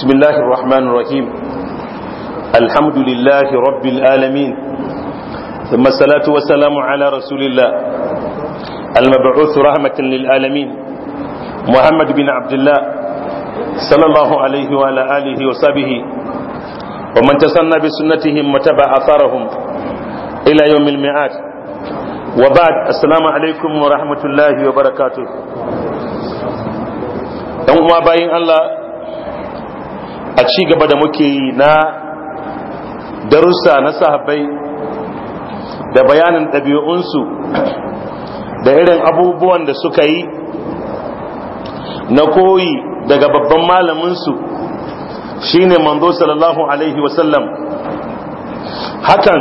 بسم الله الرحمن الرحيم الحمد لله رب العالمين ثم الصلاة والسلام على رسول الله المبعوث رحمة للعالمين محمد بن عبد الله صلى الله عليه وعلى آله وصحبه ومن تسنى بسنتهم وتبع أثارهم إلى يوم الميعاد وبعد السلام عليكم ورحمة الله وبركاته. أما باين الله a ci gaba da muke yi na darussa na sahabbai da bayanin ɗabi'unsu da irin abubuwan da suka yi na koyi daga babban malaminsu shine manzo sallallahu alaihi wasallam hakan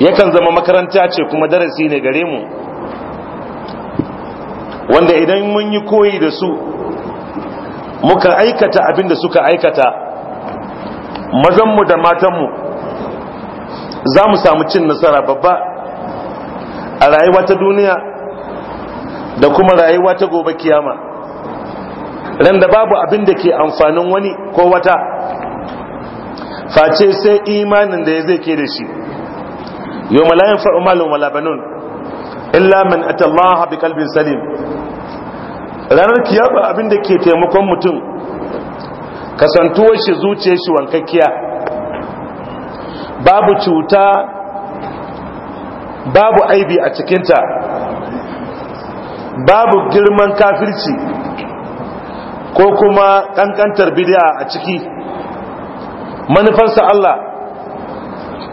yakan zama makaranta ce kuma darasi ne gare mu wanda idan mun yi koyi da su muka aikata abin da suka aikata mazanmu da matanmu za mu samu cin nasara babba a rayuwa ta duniya da kuma rayuwa ta gobe kiyama ran da babu abin da ke amfanin wani ko wata face sai imanin da ya zai ke da shi yau malayin fa'umalin walabanun illa man atallaha bi kalbin salim ranar kiyama abin da ke taimakon mutum kasantuwar shi zuciyar shi wankakkiya babu cuta babu aibi a cikinta babu girman kafirci ko kuma kankantar bid'a a ciki manufarsa Allah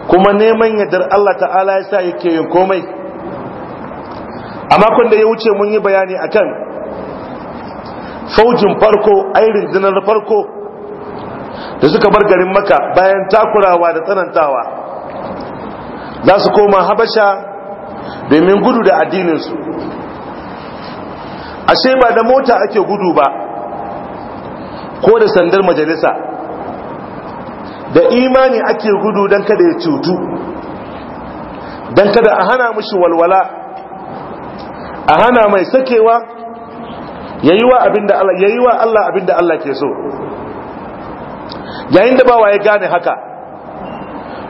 kuma neman yadar Allah ta'ala ya sa yake yin komai a makon da ya wuce mun yi bayani akan faujin farko ai zinar farko da suka bar garin maka bayan takurawa da tsanantawa za su koma habasha domin gudu da addininsu ashe ba da mota ake gudu ba ko da sandar majalisa da imani ake gudu don kada ya cutu don kada a hana mushi walwala a hana mai sakewa yayi wa abinda Allah yayi wa Allah abinda Allah ke so yayin da bawa ya gane haka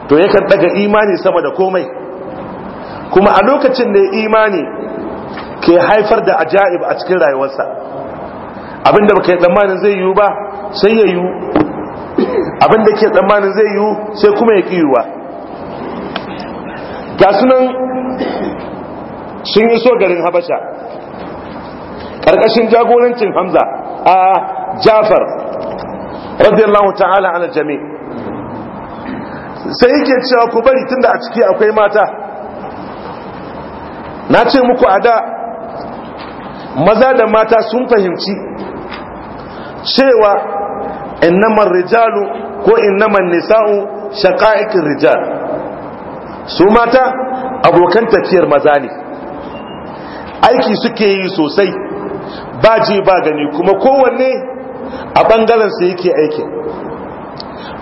to yakan daga imani sama da komai kuma a lokacin da imani ke haifar da ajaib a cikin rayuwarsa abinda baka tsammanin zai yiwu ba sai ya yiwu abinda ke tsammanin zai yiwu sai kuma ya kiyuwa ga sunan sun yi so garin habasha karkashin jagorancin hamza a jafar radiyallahu ta'ala ala jami sai yake cewa ku bari tunda a ciki akwai mata na ce muku a da maza da mata sun fahimci cewa innamar rijalu ko innaman nisa'u shaka'ikin rijal su mata abokan tafiyar maza ne aiki suke yi sosai ba ji ba gani kuma kowanne a bangaren su yake aikin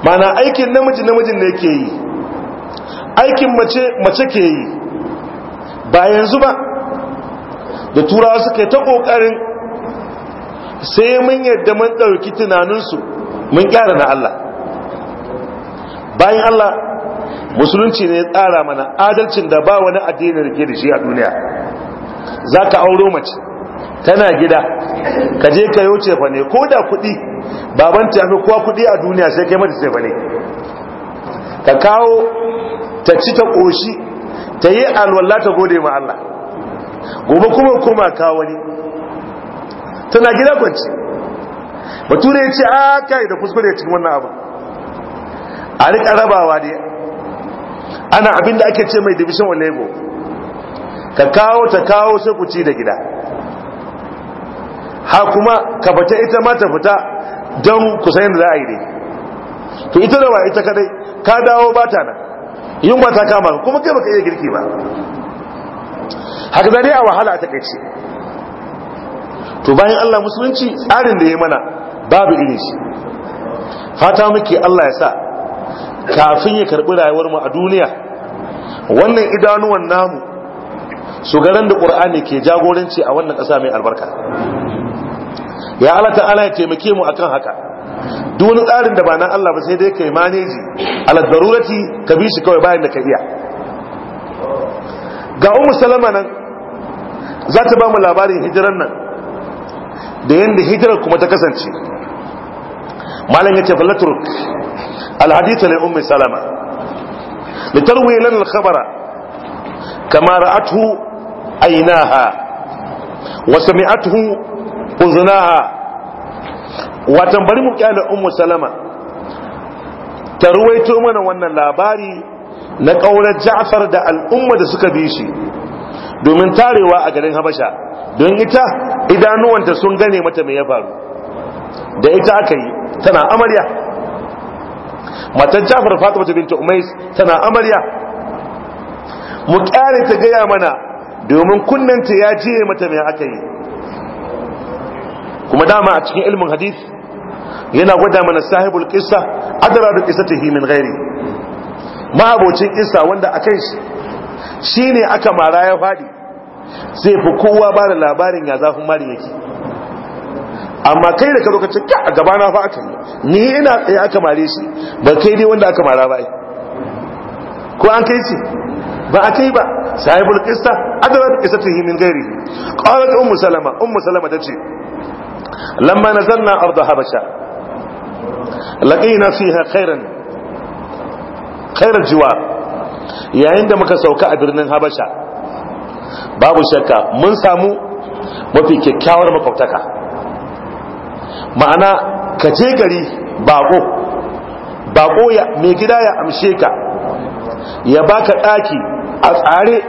mana aikin namiji namijin ne ke yi aikin mace mace ke yi ba yanzu ba da turawa suka yi ta ƙoƙarin sai mun yadda mun ɗauki tunaninsu mun gyara na Allah bayan Allah musulunci ne ya tsara mana adalcin da ba wani addinin rike da shi a duniya za ka auro mace tana gida ka je ka yi wuce fane ko da kuɗi baban ta fi kuwa kuɗi a duniya sai kai mata sai fane ka kawo ta ci ta ƙoshi ta yi alwala ta gode ma Allah gobe kuma kuma kawo wani tana gida kwanci bature ya ce a kai da kuskure cikin wannan abu a riƙa rabawa ne ana abin da ake ce mai division wa labor ka kawo ta kawo sai ku ci da gida ha kuma ka fita ita ma ta fita don kusan da za a yi dai to ita da ita kadai ka dawo ba ta nan ba ta kama kuma kai baka iya girki ba haka zane a wahala a takaice to bayan allah musulunci tsarin da ya mana babu irin shi fata muke allah ya sa kafin ya karbi rayuwar mu a duniya wannan idanuwan namu su da qur'ani ke jagoranci a wannan ƙasa mai albarka ya Allah ala ya taimake mu akan haka duk tsarin da ba na Allah ba sai dai kai maneji ala darurati ka bi shi kawai bayan da ka iya ga ummu salama nan za ta ba mu labarin hijiran nan da yanda hijirar kuma ta kasance malam yace falaturk alhadith li ummi salama litarwi lana al-khabara kama ra'atuhu ainaha wa sami'atuhu uznaha wa bari mu kyale ummu salama ta ruwaito mana wannan labari na kaurar ja'far da al'umma da suka bi shi domin tarewa a garin habasha don ita idanuwanta sun gane mata me ya faru da ita aka yi tana amarya matan jafar fatima binta umais tana amarya mu kyare ta gaya mana domin kunnanta ya je mata mai aka yi kuma dama a cikin ilmin hadith yana gwada mana sahibul kisa adara da ta himin gairi ma abocin qissa wanda kai shi shine aka mara ya fadi sai fi kowa ba da labarin ya zafin mari yake amma kai da ka lokacin ka a gabana aka yi ni ina tsaye aka mare shi ba kai ne wanda aka mara ba ko an kai shi ba a kai ba sahibul qissa adrat qissatihi min ghairi qalat ummu salama ummu salama tace lamma nazalna ard habasha laqina fiha khairan khairal jiwar yayin da muka sauka a birnin habasha babu shakka mun samu mafi kyakkyawar makwabtaka ma'ana ka gari bako bako ya mai gida ya amshe ka ya baka daki a tsare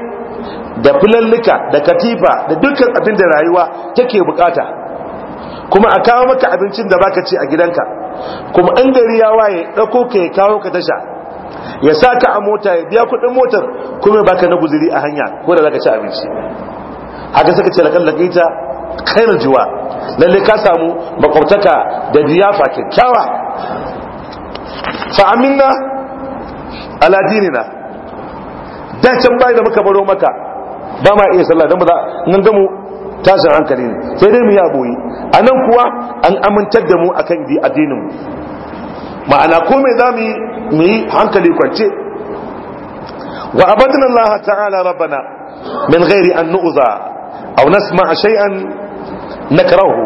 da filallika da katifa da dukkan abin da rayuwa take bukata kuma a kawo maka abincin da baka ci a gidanka kuma an gari ya waye ɗauko ka ya kawo ka tasha ya sa a mota ya biya kuɗin motar kuma baka na guzuri a hanya ko da zaka ci abinci haka saka ce lakan lakaita kainar juwa lalle ka samu makwabtaka da diyafa kyakkyawa fa aminna ala dinina da can bai da muka baro maka ba ma iya sallah don ba za nan da mu tashin hankali ne sai dai mu ya A nan kuwa an amintar da mu akan bi addinin mu ma'ana ko me za mu yi hankali kwance wa abadin Allah ta'ala rabbana min ghairi an nu'za aw nasma shay'an nakrahu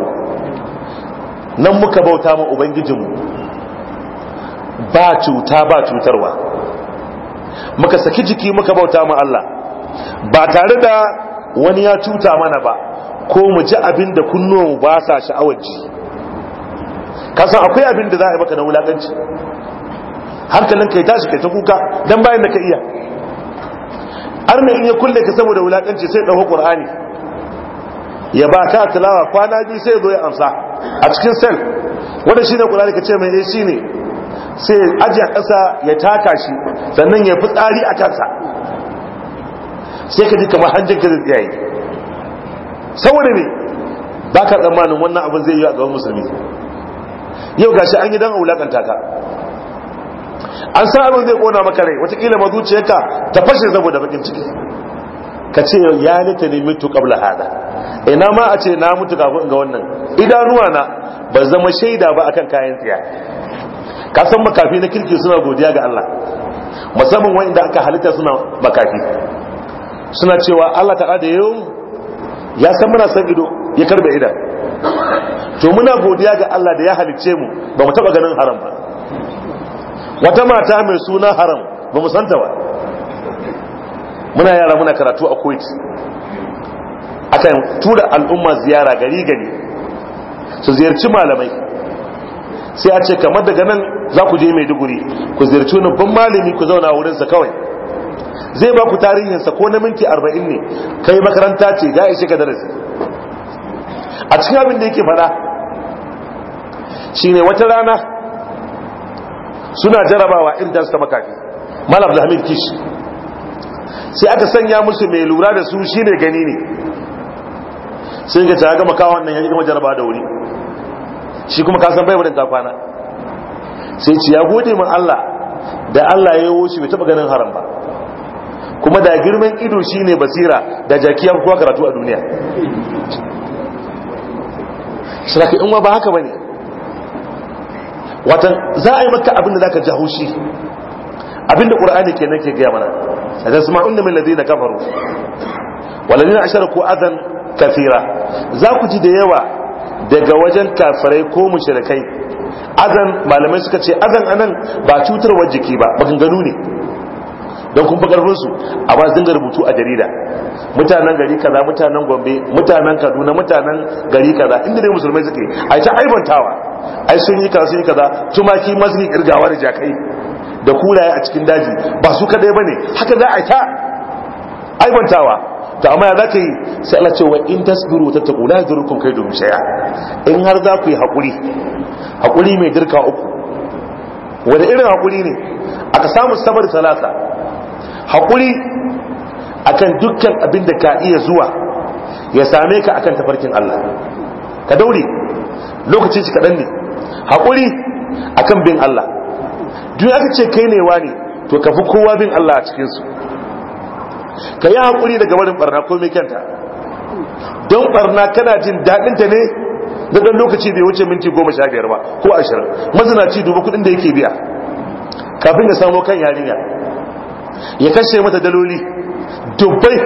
nan muka bauta ma ubangijinmu ba cuta ba cutarwa muka saki jiki muka bauta ma Allah ba tare da wani ya cuta mana ba ko mu ji abin da kunnuwanmu ba sa sha'awar ji kasan akwai abin da za a yi maka na wulakanci hankalin kai tashi kai ta kuka don bayan da ka iya arna in ya kulle ka saboda wulakanci sai ɗauko ƙur'ani ya ba ka tilawa kwana biyu sai zo ya amsa a cikin sel wanda shi ne ka ce mai eh shi ne sai ya a ƙasa ya taka shi sannan ya fi tsari a kansa sai ka ji kamar hanjin ka zai yi saboda ne ba ka tsammanin wannan abin zai yi a gaban musulmi yau ga shi an yi don a wulakanta ka an san abin zai kona maka rai watakila ma zuciyarka ta fashe saboda bakin ciki ka ce ya lita ne mutu ƙabla hada ina ma a ce na mutu kafin ga wannan idanuwa na ba zama shaida ba akan kayan tsiya ka san makafi na kirki suna godiya ga Allah musamman wanda aka halitta suna makafi suna cewa Allah ta da yau ya san muna san ido ya karbe idan to muna godiya ga Allah da ya halicce mu ba mu taba ganin haram ba wata mata mai suna haram ba mu santa ba muna yara muna karatu a Kuwait akan tura al'umma ziyara gari gari su ziyarci malamai sai a ce kamar daga nan za ku je maiduguri ku ziyarci wani ban malami ku zauna wurinsa kawai zai ba ku tarihinsa ko na minti arba'in ne kai makaranta ce ya ishe ka darasi a cikin abin da yake faɗa shine wata rana suna jarabawa in dan ta makafi malam Abdulhamid Kish sai aka sanya musu mai lura da su shine gani ne sai ga ta ga makawan nan ya gama jaraba da wuri shi kuma ka san bai wurin kafana sai ce ya gode min Allah da Allah ya yi shi bai taba ganin haram ba kuma da girman ido shi ne basira da jaki kuwa karatu a duniya shiraka in ba haka bane watan za a yi maka abin da za ka ji haushi abin da ƙura'ani ke ke gaya mana a da mai min da kafaru walladina ko azan kafira za ku ji da yawa daga wajen kafirai ko mushrikai azan malamai suka ce azan anan ba cutarwar jiki ba maganganu ne don kun karfin su a ba dinga rubutu a jarida mutanen gari kaza mutanen gombe mutanen kaduna mutanen gari kaza inda dai musulmai suke a ta aibantawa ai sun yi kaza sun yi kaza tumaki mazni kirgawa da jakai da kulaye a cikin daji ba su kadai bane haka za a ta aibantawa to amma za ka yi sai Allah ce wa in tasbiru ta taku la yadurukum kaiduhum shay'a in har za ku yi hakuri hakuri mai dirka uku wani irin hakuri ne aka samu sabar talata hakuri akan dukkan abin da ka iya zuwa ya same ka akan tafarkin Allah ka daure lokacin shi kaɗan ne hakuri akan bin Allah duk aka ce kai ne wani to kafi kowa bin Allah a cikin su ka yi haƙuri daga barin barna ko mai kyanta don barna kana jin daɗinta ne da ɗan lokaci bai wuce minti goma sha biyar ba ko ashirin ci duba kuɗin da yake biya kafin da samo kan yarinya ya kashe mata daloli dubbai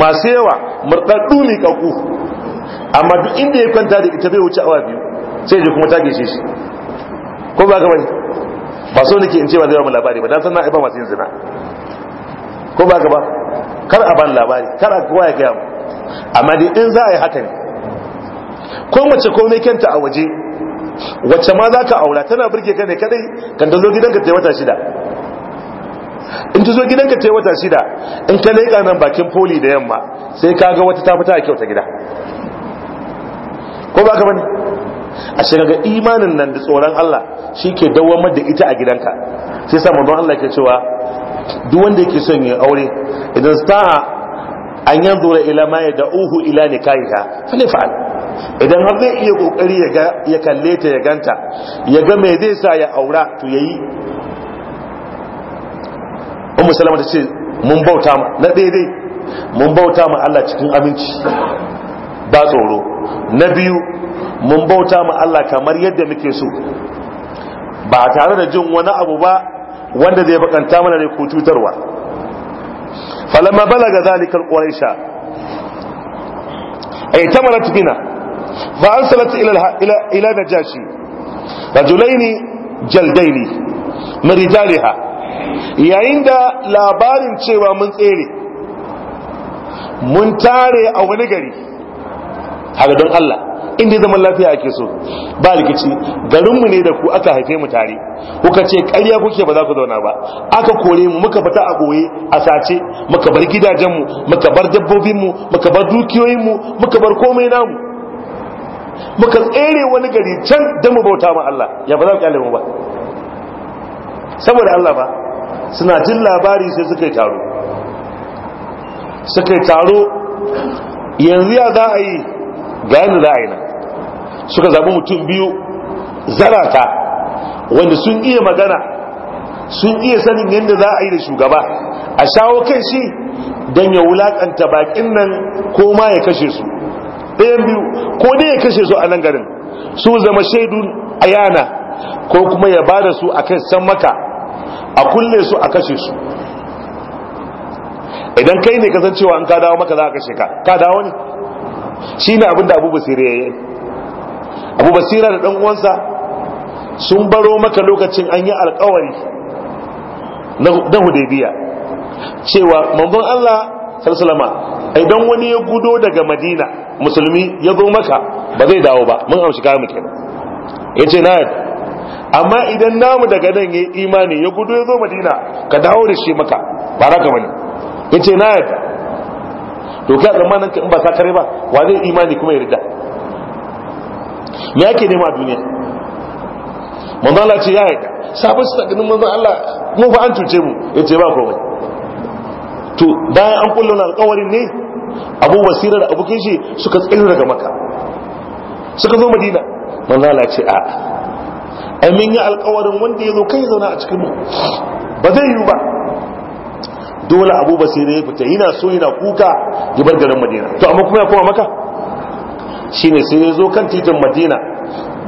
masu yawa murɗaɗɗu mai ƙaƙu amma duk inda ya kwanta da ita bai wuce awa biyu sai ya kuma ta shi ko ba gaba ne ba so nake in ce ba zai ba mu labari ba dan sannan ai ba masu yin zina ko ba gaba kar a ban labari kar a kowa ya gaya mu amma dai in za a yi haka ne ko mace ko mai a waje wacce ma za ka aura tana birge ka ne kadai kan ta zo gidanka ta yi wata shida in ta zo gidanka ta yi wata shida in ka leƙa nan bakin poli da yamma sai ka ga wata ta fita a kyauta gida ko ba ka bane a shiga imanin nan da tsoron Allah shi ke dawamar da ita a gidanka sai sa manzon Allah ke cewa duk wanda yake son yin aure idan sa'a an yanzu da ila ma ya da'uhu ila nikahiha ne fa'al idan har zai iya kokari ya ga ya kalle ta ya ganta ya ga me zai sa ya aura to yayi ummu salama ta ce mun bauta ma na daidai mun bauta ma Allah cikin aminci ba tsoro na biyu mun bauta ma Allah kamar yadda muke so ba tare da jin wani abu ba wanda zai bakanta mana ne ko cutarwa falamma balaga zalikal quraisha ay tamarat bina fa arsalat ila ila ila najashi rajulaini jaldaini min rijaliha yayin da labarin cewa mun tsere mun tare a wani gari Haga don Allah inda zaman lafiya ake so ba rikici garinmu ne da ku aka haife mu tare kuka ce ƙarya kuke ba za ku zauna ba aka kore mu muka fita a ɓoye a sace muka bar gidajenmu muka bar dabbobinmu muka bar dukiyoyinmu muka bar komai namu muka tsere wani gari can don mu bauta ma Allah ya ba za ku kyale mu ba saboda Allah ba suna jin labari sai suka yi taro suka taro yanzu ya za a yi gani da za a nan suka zaɓi mutum biyu zarata wanda sun iya magana sun iya sanin yadda za a yi da shugaba a shawo kan shi don ya wulaƙanta baƙin nan ko ma ya kashe su ɗayan biyu ko dai ya kashe su a nan garin su zama a yana ko kuma ya ba da su a kan san maka a kulle su a kashe su idan kai ne kasancewa an ka dawo maka za a kashe ka ka dawo ne shi ne abin da abu basira ya yi abu basira da ɗan uwansa sun baro maka lokacin an yi alkawari na hudaybiya cewa manzon Allah salsalama idan wani ya gudo daga madina musulmi ya zo maka ba zai dawo ba mun amshi kayan mutane ya ce na amma idan namu daga nan ya imani ya gudo ya zo madina ka dawo da shi maka ba raka wani ya ce na yadda to kai a zamanin ka in ba ka kare ba wa zai imani kuma ya rida me ake nema a duniya manzo Allah ce ya yarda sabon su ganin manzo Allah mu fa an tuce mu yace ba komai to bayan an kullu na alƙawarin ne Abu Basira da abokin shi suka tsira daga Makka suka zo Madina manzo Allah ce a ai mun yi alƙawarin wanda ya zo kai zauna a cikin mu ba zai yi ba dole abu basir ya fita yana so yana kuka ya garin madina to amma kuma ya koma maka ne sai ya zo kan titin madina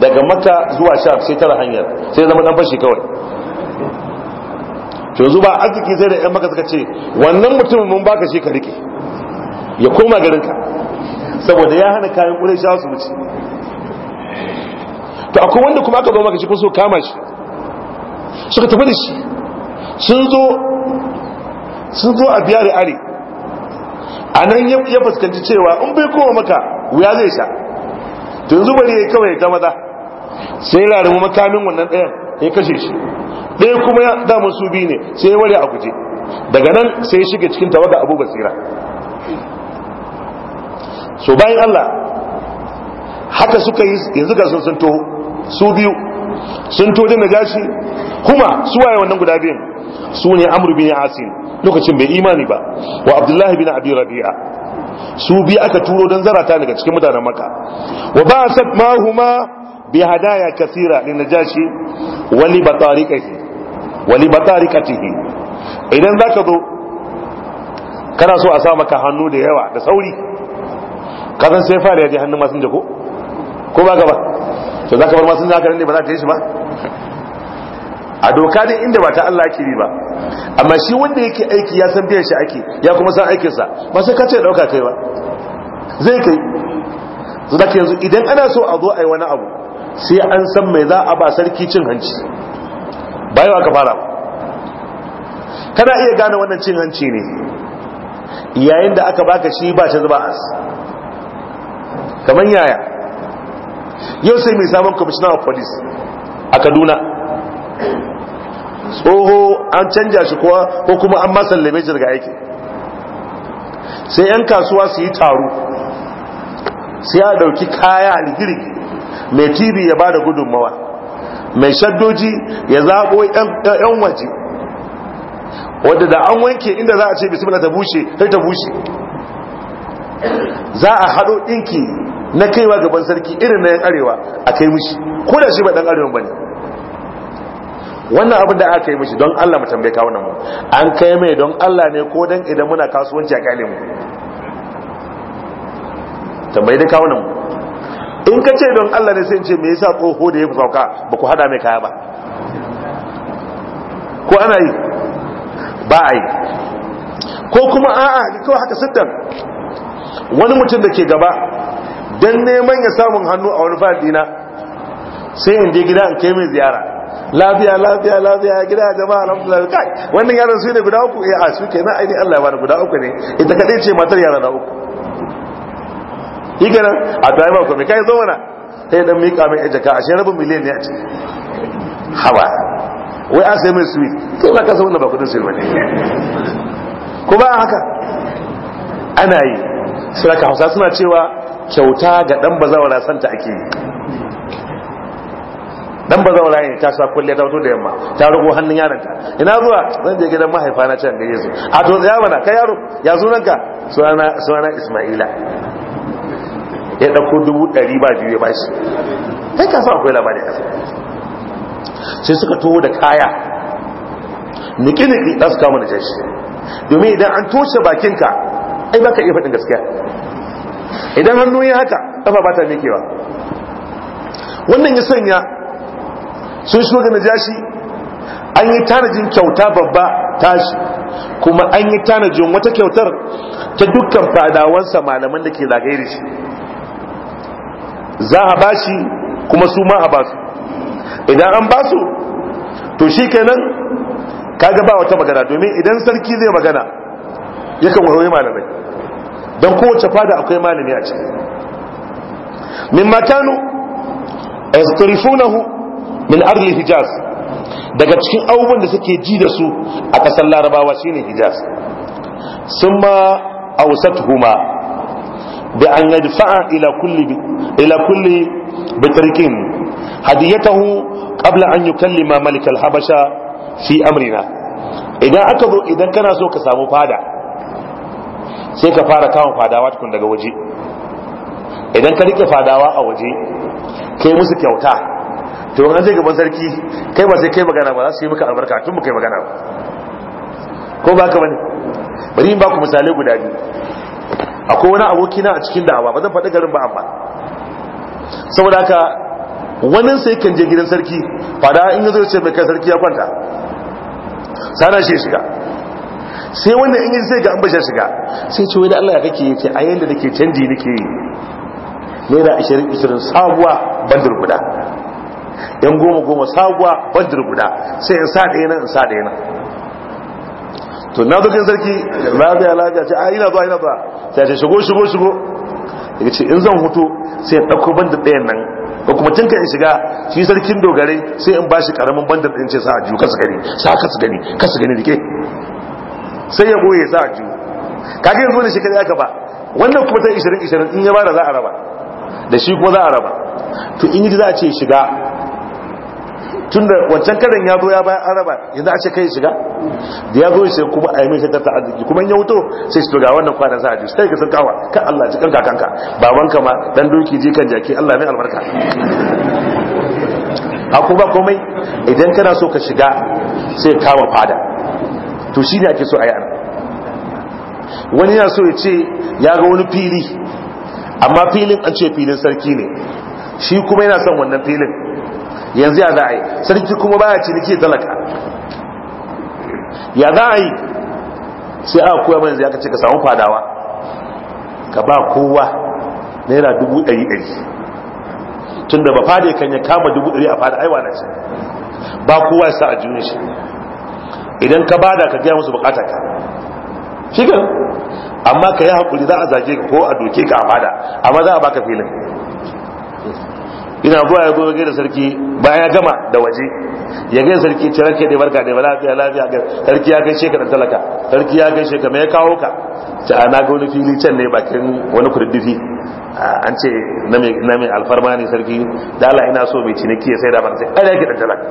daga maka zuwa sha'af sai tara hanyar sai zama dan fashi kawai to yanzu ba arziki sai da yan maka suka ce wannan mutumin mun baka shi ka rike ya koma garinka saboda ya hana kayan kure sha su wuce to akwai wanda kuma aka zo maka shi kuma so kama shi suka tafi da shi sun zo sun zo a biya da ari. a nan ya fuskanci cewa in bai kowa maka wuya zai sha tun zuba ne kawai ta maza sai ya makamin wannan ɗayan ya kashe shi ɗaya kuma ya damar su biyu ne sai ya wale a guje daga nan sai ya shiga cikin tawaga abu basira so bayan allah haka suka yi yanzu ga sun sun toho su biyu sun tojin da najashi kuma su waye wannan guda biyan su ne amr bin asin lokacin bai imani ba wa abdullahi bin abi rabi'a su bi aka turo don zarata daga cikin mutanen maka wa ba sat ma huma bi hadaya kathira ne najashi wa Wani batariqatihi wa li batariqatihi idan ka zo kana so a sa maka hannu da yawa da sauri kazan sai fara ya je hannun masu da ko ko ba gaba to za ka bar masu zaka ne ba za ta yi shi ba a doka ne inda ba ta Allah ake bi ba amma shi wanda yake aiki ya san biyan shi ake ya kuma san aikinsa ba sai ka ce ɗauka kai ba zai kai su da yanzu idan ana so a zo a yi wani abu sai an san mai za a ba sarki cin hanci bayan ka fara kana iya gane wannan cin hanci ne yayin da aka baka shi ba ta zuba as kamar yaya yau sai mai sabon commissioner of police a kaduna tsoho an canja shi kuwa ko kuma an masa lamejin daga aiki sai 'yan kasuwa su yi taro sai ya dauki kaya a mai tv ya ba da gudunmawa mai shaddoji ya zaɓo 'yan waje wadda da an wanke inda za a ce bisimila ta bushe sai ta bushe za a haɗo ɗinki na kaiwa gaban sarki irin na yan arewa a kai mishi ko da shi ba dan arewa bane wannan abin da aka yi mishi don Allah mu tambaye wannan mu an kai mai don Allah ne ko dan idan muna kasuwanci a kai mu tambaye da wannan mu in ka ce don Allah ne sai in ce me yasa tsoho da ya sauka ba ku hada mai kaya ba ko ana yi ba a yi ko kuma a'a kawai haka sittan wani mutum da ke gaba don neman ya samun hannu a wani fadina sai in je gida in kai mai ziyara lafiya lafiya lafiya gida jama'a alhamdulillah kai wannan yaran su ne guda uku eh a su kenan na aini Allah ya bani guda uku ne ita kadai ce matar yaran da uku yi ganin a ta yi ba kome kai zo mana ta yi dan mika mai jaka a shan rabin miliyan ne a ce hawa wai an sai mai suwi to ba ka san wannan ba kudin suwi ne ko ba haka ana yi ka hausa suna cewa kyauta ga dan bazawara santa ake yi dan bazawara ne ta sa kulle ta wato da yamma ta rugo hannun ta ina zuwa zan je gidan mahaifa na can gaje su a to tsaya mana kai yaro ya sunanka sunana sunana Isma'ila ya dauko dubu ɗari ba biyu ya bashi kai ka sa akwai labari a sai suka toho da kaya niki-niki da su kama da jashi domin idan an toshe bakinka ai baka iya faɗin gaskiya idan hannu ya haka kafa ba ta mikewa wannan ya sanya sun shigo da najashi an yi tanajin kyauta babba tashi kuma an yi tanajin wata kyautar ta dukkan fadawansa malaman da ke zagaye shi za a ba shi kuma su ma a ba su idan an ba su to shi kenan kaga ba wata magana domin idan sarki zai magana yakan wahoyi malamai don kowace fada akwai malami a ciki min makanu yastarifunahu min ardi hijaz daga cikin abubuwan da suke ji da su a ƙasar larabawa shine hijaz sun ma ausatuhuma bi an ila ila kulli bitarkin hadiyatahu ƙabla an yukallima malik al-habasha fi amrina idan aka zo idan kana so ka samu fada sai ka fara kawon fadawa tukun daga waje idan ka rike fadawa a waje kai musu kyauta to an je gaban sarki kai ba sai kai magana ba za su yi maka albarka tun muka kai magana ba ko ba ka bane bari in ba ku misalai guda biyu akwai wani aboki na a cikin da'awa ba zan faɗi garin ba amma saboda haka wannan sai kan je gidan sarki fada in ya zo ce mai kai sarki ya kwanta sana shi shiga sai wanda in yi sai ga ambashar shiga sai ce wani allah ya kake ya ce a yadda nake canji nake yi naira ashirin ashirin sabuwa bandar guda yan goma goma sabuwa bandar guda sai in sa ɗaya nan in sa ɗaya nan to na zo sarki lafiya lafiya ce a ina zuwa ina zuwa sai ce shigo shigo shigo ya ce in zan hutu sai in ɗauko bandar ɗayan nan ba kuma tun kan shiga shi sarkin dogare sai in ba shi ƙaramin bandar ɗin ce sa a jiyo kasu gani sa kasu gani kasu gani ke. sai ya boye sa ji kage yanzu da shi kada aka ba wannan kuma ta 20 20 in ya da za a raba da shi kuma za a raba to in yi za a ce shiga tunda wancan karin ya zo ya bayan araba yanzu a ce kai shiga da ya zo shi kuma a yi mai shatar arziki kuma in ya wuto sai shi ga wannan kwanan za a ji sai ka sun kawa kan Allah ji kanka kanka baban ka ma dan doki ji kan jaki Allah mai albarka a kuma komai idan kana so ka shiga sai kama fada to shi ne ake so a yi ana wani yana so ya ce ya ga wani fili amma filin an ce filin sarki ne shi kuma yana son wannan filin yanzu ya za yi sarki kuma baya ciniki talaka ya za a yi sai aka koya mai yanzu ya ce ka samu fadawa ka ba kowa naira dubu ɗari ɗari tun da ba fada kan ya kama dubu ɗari a fada aiwa na ce ba kowa ya sa a juna shi idan ka bada ka gaya musu bukata ka shi kan amma ka yi hakuri za a zage ka ko a doke ka a bada amma za a baka filin ina zuwa ya zo gaida sarki bayan ya gama da waje ya gaida sarki ce ranke da barka da lafiya lafiya ga sarki ya gaishe ka dan talaka sarki ya gaishe ka me ya kawo ka ta ana ga wani fili can ne bakin wani kurdifi an ce na mai na mai alfarma ne sarki da Allah ina so mai ciniki ya sai da ban sai ai ki dan talaka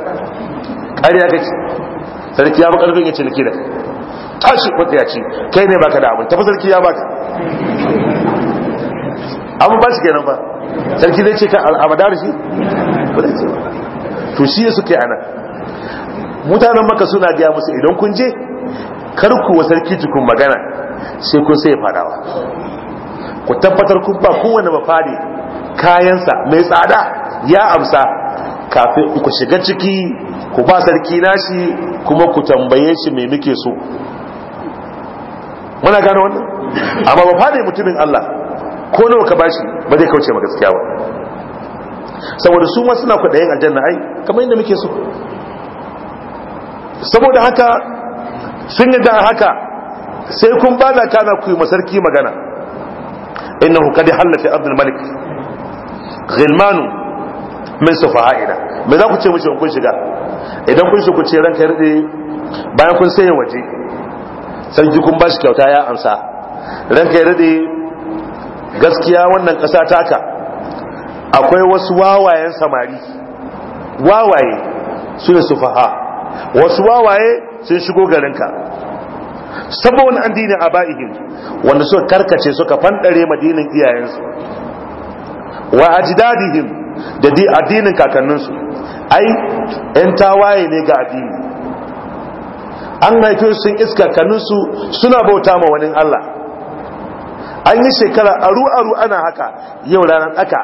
ai yake sarki ya makarfin ya ce nake da tashi matsayaci kai ne baka da abin tafi sarki ya baka amma ba shi kenan ba sarki zai ce ka al'amada da shi ba zai ce ba to shi ya suke ana mutanen maka suna biya musu idan kun je karku wa sarki cikin magana sai kun sai fadawa ku tabbatar kun ba kowane mafadi kayansa mai tsada ya amsa kafin ku shiga ciki ku ba sarki nashi kuma ku tambaye shi me muke so muna gano wannan amma ba mutumin Allah ko nawa ka bashi ba zai kauce ma gaskiya ba saboda su ma suna dayin aljanna ai kamar yadda muke so saboda haka sun yi da haka sai kun ba da kana ku yi masarki magana innahu kadi hallafi abdul malik ghilmanu min fa'ida me za ku ce mishi kun shiga idan kun shiga ku ce ranka rade bayan kun sayi waje sarki kun bashi kyauta ya amsa ranka rade gaskiya wannan kasa taka akwai wasu wawayen samari wawaye su ne sufaha wasu wawaye sun shigo garinka saboda an a aba'ihim wanda suka karkace suka fandare madinin iyayensu wa ajdadihim da addinin kakanninsu ai yan tawaye ne ga addini an haife sun iska kanunsu suna bauta ma wani Allah an yi shekara aru-aru ana haka yau ranar aka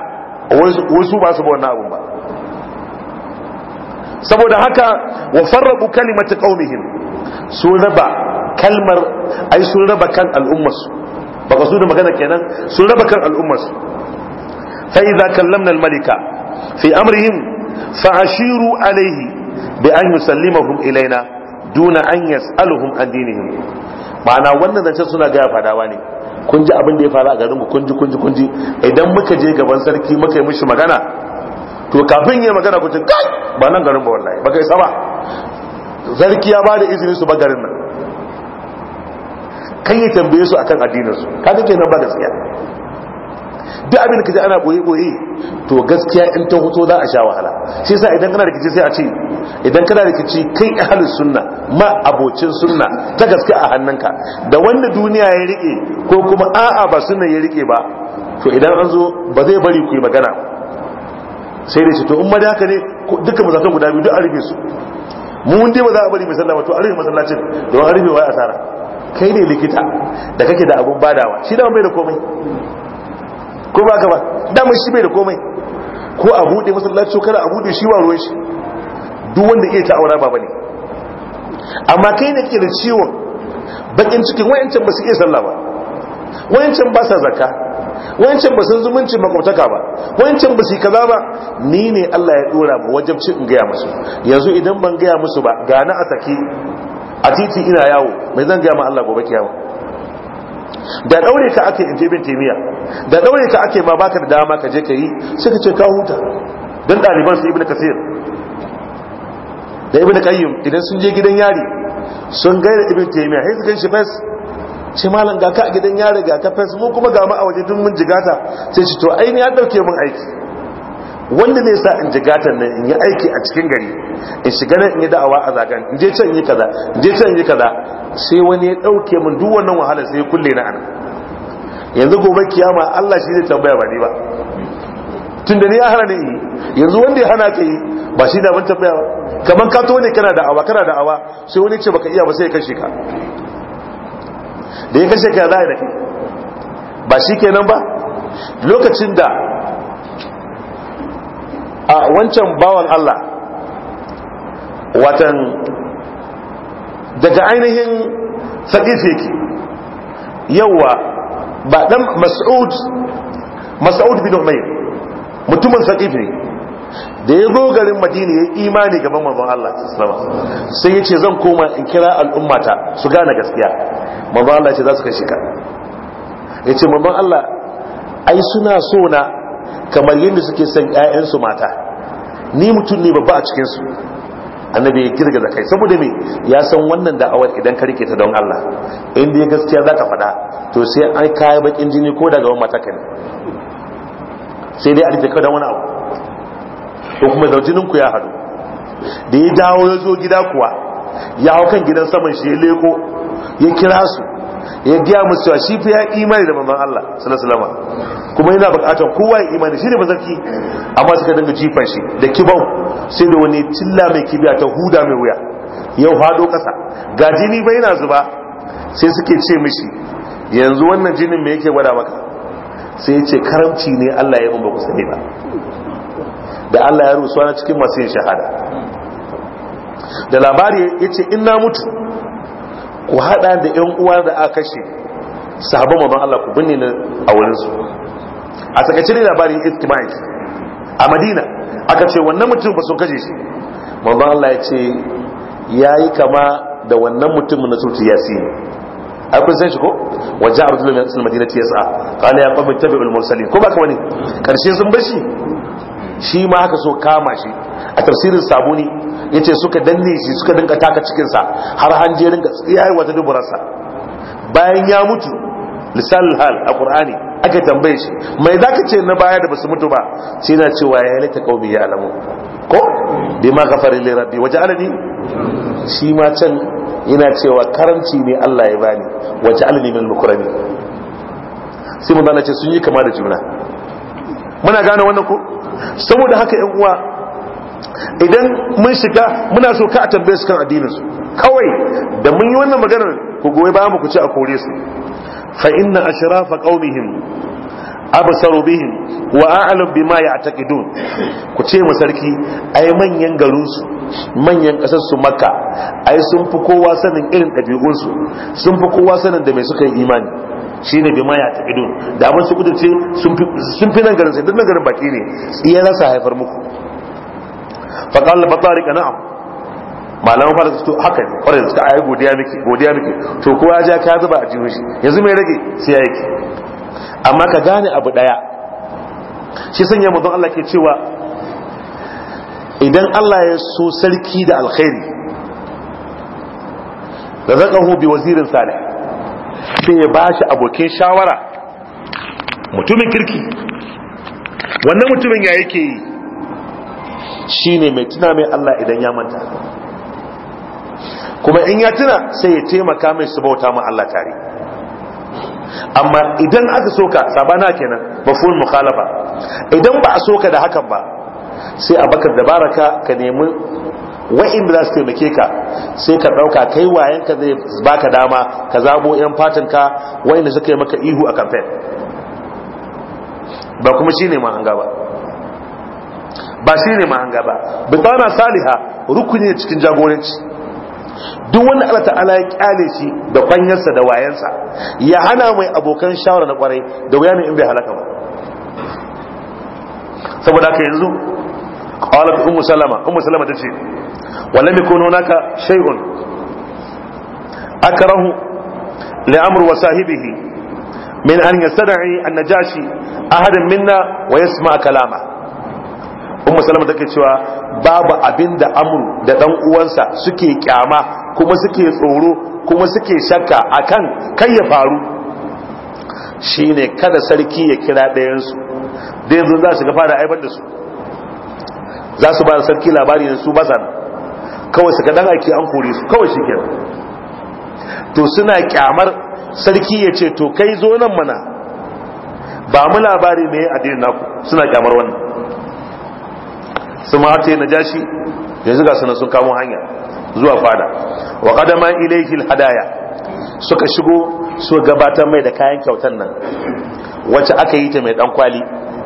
wasu ba su bauta abun ba saboda haka wa farrabu kalimata qaumihim sun raba kalmar ai sun raba kan al'ummarsu ba ka su da magana kenan sun raba kan al'ummarsu فإذا كلمنا الملك في malika fi عليه fa يسلمهم إلينا bi أن يسألهم ilaina دينهم an وانا an جاء ma'ana wannan أبن suna ga fadawa ne kun ji abin da ya faru a garin مش kun ji kun ji kun ji idan muka to kafin yi magana ku ce kai ba nan garin ba wallahi baka isa ba sarki ya ba da izini su ba garin nan kan yi tambaye su akan addinin su kaga kenan ba gaskiya duk abin da kaje ana boye boye to gaskiya in ta hoto za a sha wahala shi yasa idan kana rikici sai a ce idan kana rikici kai ahli sunna ma abocin sunna ta gaske a hannunka da wanda duniya ya rike ko kuma a'a ba sunna ya rike ba to idan an zo ba zai bari ku yi magana sai dai ce to in ma haka ne dukkan mazakan guda biyu duk arbe su mun dai ba za a bari mai ba to arbe masallacin don arbe rufe wai asara kai ne likita da kake da abun badawa shi da bai da komai ko ba ka ba damar shi bai da komai ko a bude masallaci kada a bude shi ba ruwan shi duk wanda iya ta aura ba bane amma kai ne ke da ciwon bakin cikin wayancan ba su iya sallah ba wayancan ba sa zakka wayancan ba sun zumunci makwabtaka ba wayancan ba su kaza ba ni ne Allah ya dora mu wajabci in gaya musu yanzu idan ban gaya musu ba ga a saki a titi ina yawo mai zan gaya ma Allah gobe kiyama da daure ka ake in jibin taimiya da daure ka ake ma baka da dama ka je ka yi sai ka ce ka huta don ɗaliban su ibn kasir da ibn qayyim idan sun je gidan yari sun gaira ibn taimiya sai su gan shi fes ce malam ga ka a gidan yari ga ka fes mu kuma ga mu a waje dun mun jigata sai shi to ai ni ya dauke mun aiki wanda zai sa in ji gatan nan in yi aiki a cikin gari in shiga nan in yi da'awa a zagan in je can yi kaza in je can yi kaza sai wani ya dauke min duk wannan wahala sai ya kulle na anan yanzu gobe kiyama Allah shi zai tambaya ba ni ba tun da ni ya hana ne yi yanzu wanda ya hana ka yi ba shi da ban tambaya ba kamar ka to ne kana da awa kana da awa sai wani ce baka iya ba sai ya kashe ka da ya kashe ka za da kai ba shi kenan ba lokacin da a wancan bawan Allah watan daga ainihin saƙif yake yawa ba ɗan mas'ud mas'ud bin umayr mutumin saƙif ne da ya zo garin madina ya imani gaban manzon Allah sai ya ce zan koma in kira al'ummata su gane gaskiya manzon Allah ya ce za su kai shi ka ya ce manzon Allah ai suna so na kamar yadda suke son ƴaƴansu mata ni mutum ne babba a cikin su annabi ya girgiza kai saboda me ya san wannan da'awar idan ka rike ta don Allah in dai gaskiya zaka faɗa to sai an kai bakin jini ko daga mata ka sai dai a rike ka don wani abu ko kuma jinin ku ya hadu da ya dawo ya zo gida kuwa ya hau kan gidan saman shi ya leko ya kira su ya gaya musu cewa shi fi ya imani da manzon Allah sallallahu alaihi kuma yana bukatar kowa ya imani shi ne bazarki amma suka dinga jifan shi da kibau sai da wani tilla mai kibiya ta huda mai wuya yau haɗo kasa ga jini bai yana zuba sai suke ce mishi yanzu wannan jinin me yake gwada maka sai ya ce karamci ne Allah ya umba kusa sani ba da Allah ya rusuwa na cikin masu yin shahada da labari ya ce in na mutu ku haɗa da yan uwa da aka kashe sahabban manzon Allah ku binne na a wurin su a sakaci ne labarin ittima'i a Madina aka ce wannan mutum ba sun kashe shi manzon Allah ya ce yayi kama da wannan mutumin na surtu yasin akwai san shi ko wajen abdullahi ya tsina madina ya sa'a kana ya kwamfi tabi'ul mursalin ko ba ka wani karshe sun bashi shi ma haka so kama shi a tafsirin sabuni yace suka danne shi suka dinka taka cikin sa har je rinka yayi wata duburarsa bayan ya mutu lisal hal a qur'ani aka tambaye shi mai zaka ce na baya da basu mutu ba sai na cewa ya laita qaumi ya alamu ko bima ghafara li rabbi waj'alani shi ma can yana cewa karanci ne Allah ya bani waj'alni min mukrami sai mu ce sun yi kama da juna muna gane wannan ko saboda haka yan uwa idan mun shiga muna so ka a tambaye su kan addinin su kawai da mun yi wannan maganar ku goyi ba mu ku ci a kore su fa inna ashrafa qaumihim absaru bihim wa a'lam bima ya'taqidun ku ce mu sarki ai manyan garin su manyan kasar su makka ai sun fi kowa sanin irin dabi'un su sun fi kowa sanin da mai suka yi imani shine bima ya'taqidun da abin su ce sun fi nan garin sai duk nan garin baki ne tsiya za su haifar muku fa qala batariq na'am Malamin fara su haka ne kwarai suka ayi godiya miki godiya miki to kowa ya ja ka zuba a jihun shi yanzu mai rage sai yayi amma ka gane abu daya shi sanya mu don Allah ke cewa idan Allah ya so sarki da alkhairi da hu bi wazirin salih sai ya bashi abokin shawara mutumin kirki wannan mutumin ya yake yi shine mai tuna mai Allah idan ya manta kuma in ya tuna sai ya taimaka mai su bauta ma Allah tare amma idan aka soka sabana kenan mafhumul mukhalafa idan ba a soka da hakan ba sai a baka dabaraka ka nemi wa'in da za su taimake ka sai ka ɗauka kai wayenka zai baka dama ka zabo 'yan ka wa'in da suka yi maka ihu a kamfen ba kuma shi ne ma ba. ba shi ne mahanga ba bitana saliha rukuni cikin jagoranci duk wani Allah ta'ala ya kyale shi da kwanyarsa da wayansa ya hana mai abokan shawara na kwarai da wuya ne in bai halaka ba saboda haka yanzu qalat ummu salama ummu salama tace wallam yakunu naka shay'un akrahu li amr wa sahibihi min an yastad'i an-najashi ahadan minna wa yasma' kalama ummu salama take cewa babu abin da amru da dan uwansa suke kyama kuma suke tsoro kuma suke shakka akan kai ya faru shine kada sarki ya kira ɗayan su da yanzu za su ga fara aibar da su za su ba sarki labari da su basa kawai su ga dan ake an kore su kawai shikenan to suna kyamar sarki ya ce to kai zo nan mana ba mu labari ne a dinin naku suna kyamar wannan su mata na jashi yanzu ga na sun kamo hanya zuwa fada wa kadama ilayhi alhadaya suka shigo su gabatar mai da kayan kyautar nan wacce aka yi ta mai dan kwali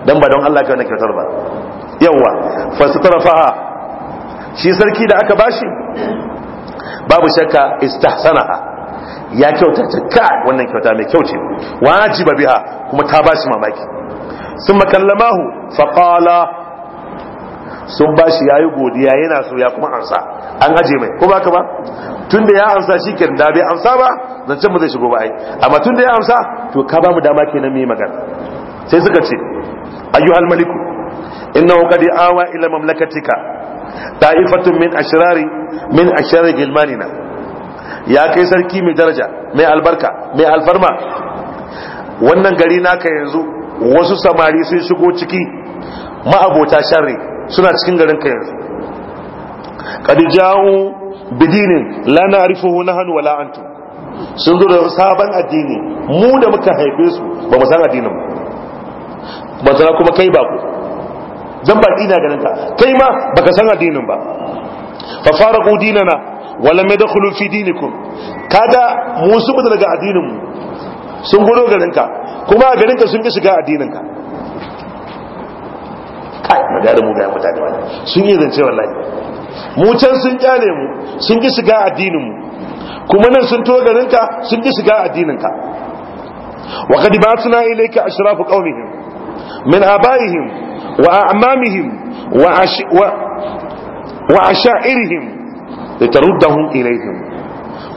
dan ba don Allah ka wannan kyautar ba yawa fasatarafaha shi sarki da aka bashi babu shakka istahsanaha ya kyautar ta ka wannan kyauta mai kyau ce wajiba biha kuma ta bashi mamaki sun makallamahu qala sun ba shi yayi godiya yana so ya kuma ansa an aje mai ko baka ba tunda ya ansa shikenan da bai ansa ba zancen mu zai shigo ba ai amma tunda ya ansa to ka ba mu dama kenan mai magana sai suka ce ayyuhal maliku innahu qad awa ila mamlakatika ta'ifatun min ashrari min ashrari gilmanina ya kai sarki mai daraja mai albarka mai alfarma wannan gari naka yanzu wasu samari sun shigo ciki ma'abota sharri suna cikin garin ka yanzu qad ja'u bidinin la na'rifuhu nahnu wala antum sun zo da sabon addini mu da muka haife su ba mu san addinin ba ba kuma kai ba ku zan ba dina ganin ka kai ma baka san addinin ba fa faraqu dinana wala madkhulu fi dinikum kada mu su daga addinin mu sun gudo garin ka kuma a garin ka sun bi shiga addinin ka kai magana mu ga mutane wani sun yi zance wallahi mu can sun kyale mu sun ki shiga addinin mu kuma nan sun to ka sun ki shiga addinin ka wa qad ba'athna ilayka ashrafu qawmihim min abaihim wa a'mamihim wa wa asha'irihim litaruddahum ilayhim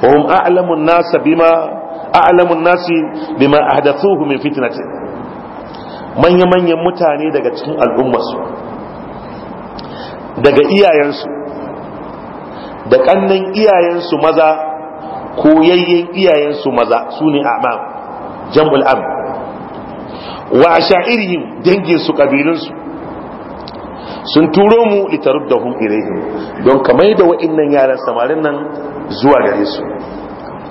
wa hum a'lamu an-nas bima a'lamu an-nas bima ahdathuhu min fitnatin manya-manyan mutane daga cikin al'ummasu daga iyayensu da ƙannan iyayensu maza ko yayyen iyayensu maza su ne amam jam'ul am wa a sha'irihim danginsu kabilinsu sun turo mu litarub da hun don kamar da nan yaran samarin nan zuwa gare su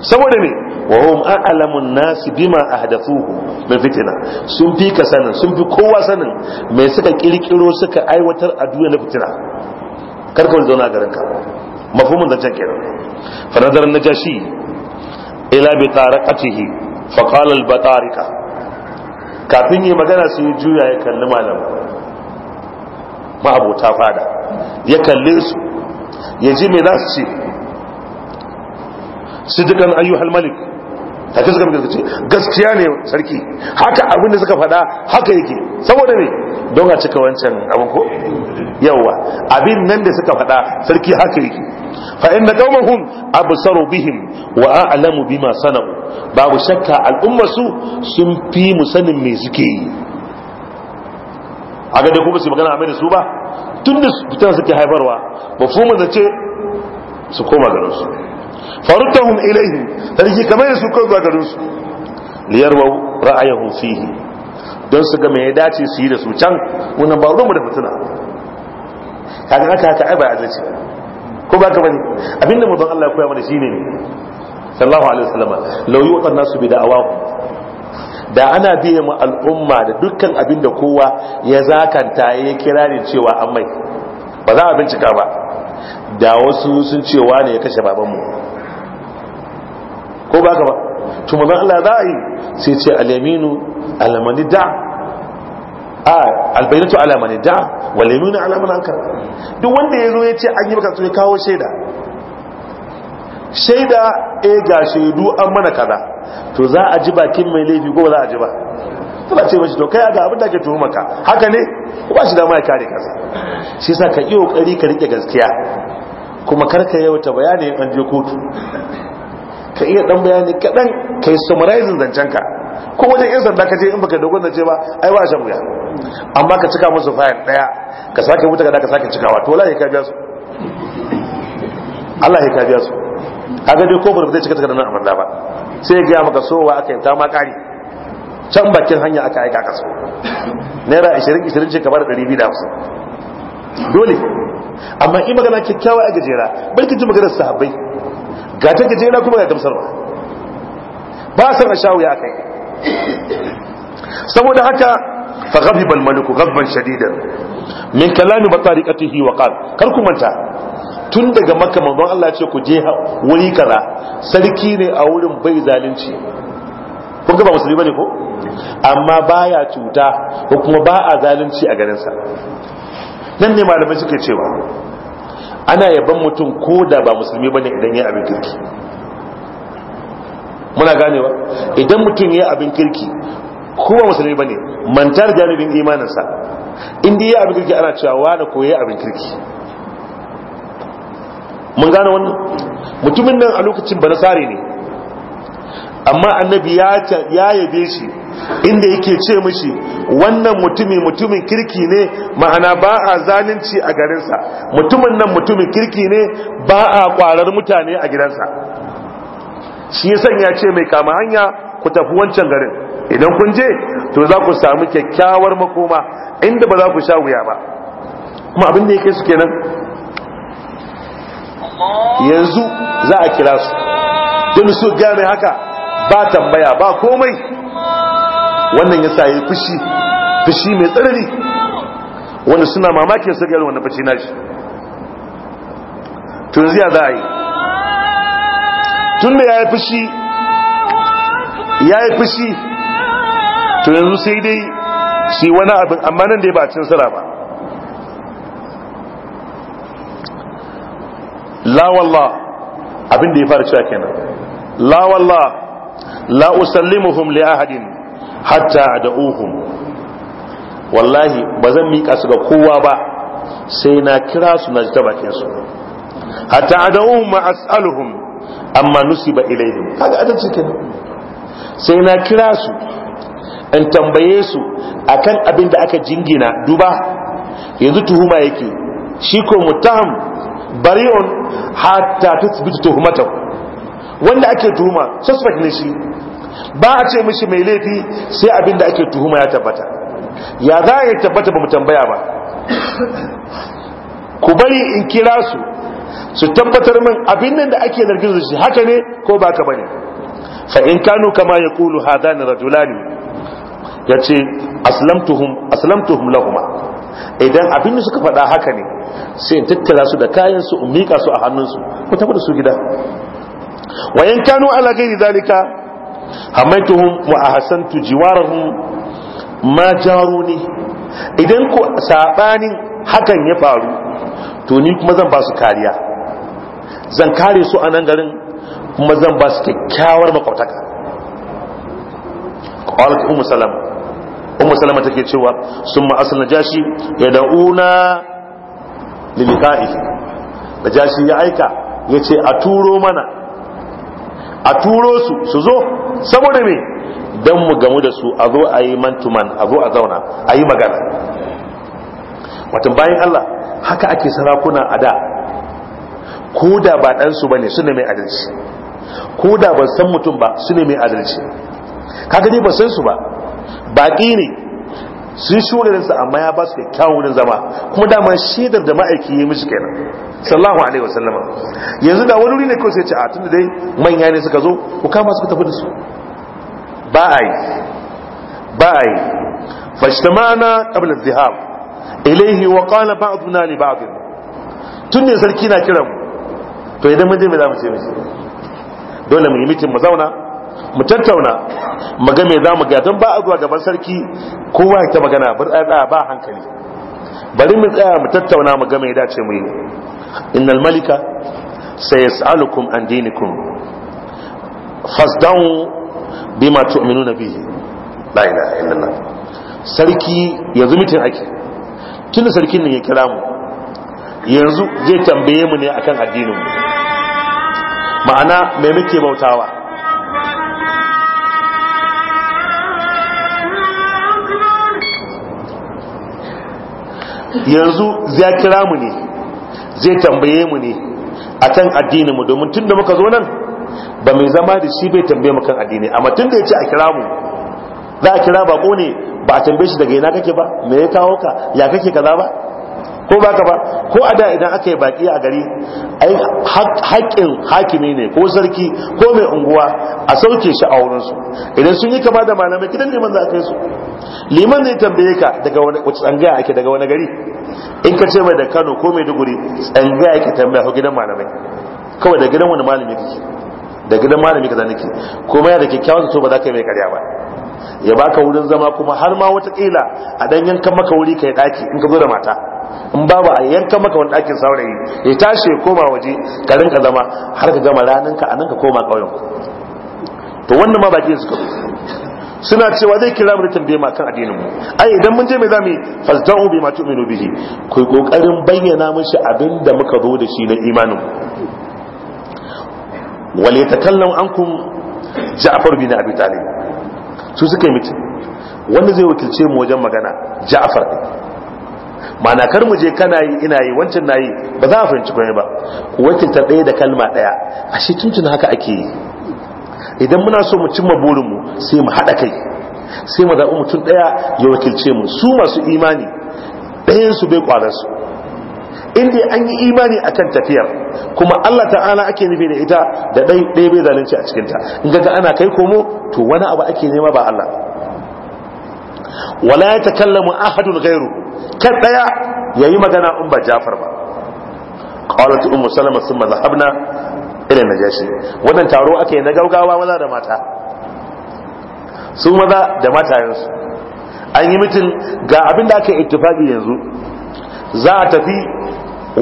saboda me wahum hum a'lamun nas bima ahdathuhu min fitina sun fi ka sanin sun fi kowa sanin me suka kirkiro suka aiwatar a duniya na fitina karka wani zauna a garin ka mafhumin zancen kenan fa nadar najashi ila bi taraqatihi fa qala al batarika kafin yi magana su yi juya ya kalli malam ma'abota fada ya kalle su ya ji me za su ce siddiqan ayyuhal malik take suka muka ce gaskiya ne sarki haka abin da suka faɗa haka yake saboda ne don a cika wancan abin ko yawa abin nan da suka faɗa sarki haka yake fa inna qaumahum absaru bihim wa a'lamu bima sana'u babu shakka al'ummar su sun fi mu sanin me suke yi a ga da kuma su magana a da su ba tun da fitan suke haifarwa ba fu mu zace su koma garin su faruttahum ilaihim sarki kamar da su ليروا zuwa فيه su liyarwa ra'ayahum fihi don su ga me ya dace su yi da su can wannan ba ruwanmu da fitina kaga aka haka ai ba azzaci ko Allah ya da ana biye mu al'umma da dukkan abin da kowa ya zakanta ya kira ne cewa an ba za a bincika ba da wasu sun cewa ne ya kashe babanmu ko ba ba to manzo Allah za a yi sai ce al-yaminu al-mani da a al-bayinatu ala mani da wal yaminu ala man ankar duk wanda yazo ya ce an yi baka sai kawo shaida shaida eh ga shaidu an mana kaza to za a ji bakin mai laifi ko za a ji ba tana ce mashi to kai ga abin da ke tuhuma ka haka ne ba shi da ya kare kasa shi yasa ka yi kokari ka rike gaskiya kuma karka ta bayani an je kotu ka iya dan bayani kaɗan ka yi summarizing zancenka ko wajen yin sanda ka je in baka dogon ce ba ai ba shan wuya amma ka cika musu fayil ɗaya ka sake wuta ka da ka sake cikawa to wallahi ka biya su Allah ya ka biya su ga dai ko ba zai cika takardar nan amanda ba sai ya gaya maka sowa aka yi ta ma ƙari can bakin hanya aka aika so. naira 20 20 ce kamar 250 dole amma in magana kyakkyawa a gajera barkin ji maganar sahabbai ga ta gajera kuma ga gamsarwa ba a san a sha kai saboda haka fa ghadiban maliku ghadban shadidan min kalami batariqatihi wa qal kar ku manta tun daga makka don Allah ce ku je wuri kaza sarki ne a wurin bai zalunci kun ga ba musulmi bane ko amma baya cuta ko kuma ba a zalunci a garin sa nan ne malamai suke cewa ana yaban mutum ko da ba musulmi bane idan ya abin kirki muna ganewa idan mutum ya abin kirki ko ba musulmi bane mantar janibin imaninsa in dai ya abin kirki ana cewa wani ko ya abin kirki mun gane wannan mutumin nan a lokacin ba na sare ne amma annabi ya yabe shi inda yake ce mishi wannan mutumi mutumin kirki ne ma'ana ba a zalunci a garinsa mutumin nan mutumin kirki ne ba a kwarar mutane a gidansa shi yasan ya ce mai kama hanya ku tafi wancan garin idan kun je to za ku samu kyakkyawar makoma inda ba za ku sha wuya ba kuma abin da yake su kenan yanzu za a kira su don su gane haka ba tambaya ba komai wannan ya sa ya fushi fushi mai tsanani wanda suna mamakin sa wanda wannan na nashi tun ziya za a yi tun da ya yi fushi ya yi fushi to yanzu sai dai shi wani abin amma nan da ya ba cin sara ba la wallah abin da ya fara cewa kenan la wallah la usallimuhum li ahadin hatta ad'uhum wallahi ba zan mika su ga kowa ba sai na kira su na ji ta bakin su hatta ad'uhum ma as'aluhum amma nusiba ilaihim kaga adalci kenan sai na kira su in tambaye su akan abin da aka jingina duba yanzu tuhuma yake shi ko mutaham bari'un hatta tusbitu tuhmatahu wanda ake tuhuma suspect ne shi ba a ce mishi mai laifi sai abin da ake tuhuma ya tabbata ya za a ya tabbata ba mu tambaya ba ku bari in kira su su tabbatar min abin nan da ake zargin su haka ne ko ba ka bane fa in kanu kama ya kulu na rajulani ya ce aslamtuhum aslamtuhum lahuma idan abin da suka faɗa haka ne sai in tattara su da kayan su in miƙa su a hannunsu ku tabbata su gida wa 'yan kanu ala gairi dalika hamaituhum wa ahsantu jiwarahum ma jaruni idan ko sabanin hakan ya faru to ni kuma zan ba su kariya zan kare su a nan garin kuma zan ba su kyakkyawar makwataka qalat ummu salama ummu salama take cewa summa asal najashi yad'una lilqa'i najashi ya aika yace a turo mana a turo su su zo saboda me don mu gamu da su a zo a yi mantuman a zo a zauna a yi magana watan bayan Allah haka ake sarakuna a da ko da ba ɗansu ba ne su ne mai adalci ko da ban san mutum ba su ne mai adalci kaga dai ba san su ba baƙi ne sun shugarinsa amma ya ba su kyakkyawan zama kuma dama shaidar da ma'aiki ya mishi kenan sallallahu alaihi wasallam yanzu da wani wuri ne ko sai ce a tunda dai manya ne suka zo ku kama su tafi da su ba a yi ba a yi fashtamana qabla dhahab ilayhi wa qala ba'duna li ba'd tun ne sarki na kiran to idan mun je me za mu ce mishi dole mu yi mitin mu zauna mu tattauna mu ga me za mu ga don ba a zuwa gaban sarki kowa ya ta magana ba hankali bari mu tsaya mu tattauna mu ga me dace mu yi innal malika sayas'alukum an dinikum fasdahu bima tu'minuna bihi la ilaha illallah sarki yanzu mutum ake tun da sarkin nan ya kira mu yanzu zai tambaye mu ne akan addinin mu ma'ana me muke bautawa yanzu zai kira mu ne zai tambaye mu ne a can addini mu domin tun da muka zo nan ba mai zama da shi bai tambaye mu kan addini amma tun da ya ce a kira mu za a kira bako ne ba a tambaye shi daga ina kake ba me ya kawo ka ya kake kaza ba ko ba ka ba ko a da idan aka yi baki a gari ai haƙƙin hakimi ne ko sarki ko mai unguwa a sauke shi a wurinsu idan sun yi kama da malamai gidan liman za a kai su liman ne tambaye ka daga wani wace tsangaya ake daga wani gari in ka ce mai da kano ko mai duguri tsangaya ake tambaya ko gidan malamai kawai da gidan wani malami kake da gidan malami kaza nake kuma yana da kyakkyawan zato ba za ka yi mai karya ba ya baka wurin zama kuma har ma wata kila a dan yankan maka wuri kai daki in ka zo da mata in ba ba a yanka maka wani ɗakin saurayi ya tashi ya koma waje ka rinka zama har ka gama ranar ka a ka koma ƙauyen to wannan ma baki suka suna cewa zai kira mu tambaye ma kan addinin mu ai idan mun je mai zamu fasda'u bi ma tu'minu bihi ku kokarin bayyana mishi abin da muka zo da shi na imanin wal yatakallam ankum Ja'far bin Abi Talib su suka yi mutum wanda zai wakilce mu wajen magana Ja'far mana kar mu je kana yi ina yi wancan na yi ba za a fahimci komai ba ta ɗaya da kalma ɗaya a shi tuntun haka ake yi idan muna so mu cimma burinmu sai mu haɗa kai sai mu zaɓi mutum ɗaya ya wakilce mu su masu imani ɗayansu bai ƙwararsu inda an yi imani akan tafiyar kuma Allah ta'ala ake nufi da ita da ɗaya bai zalunci a cikinta in ga ana kai komo to wani abu ake nema ba Allah wala ya takallamu ahadun gairu kan daya yayi magana in ba Jafar ba qalat ummu salama thumma irin ila najashi wannan taro ake na gaugawa maza da mata su maza da matayensu an yi mitin ga abin da aka ittifaki yanzu za a tafi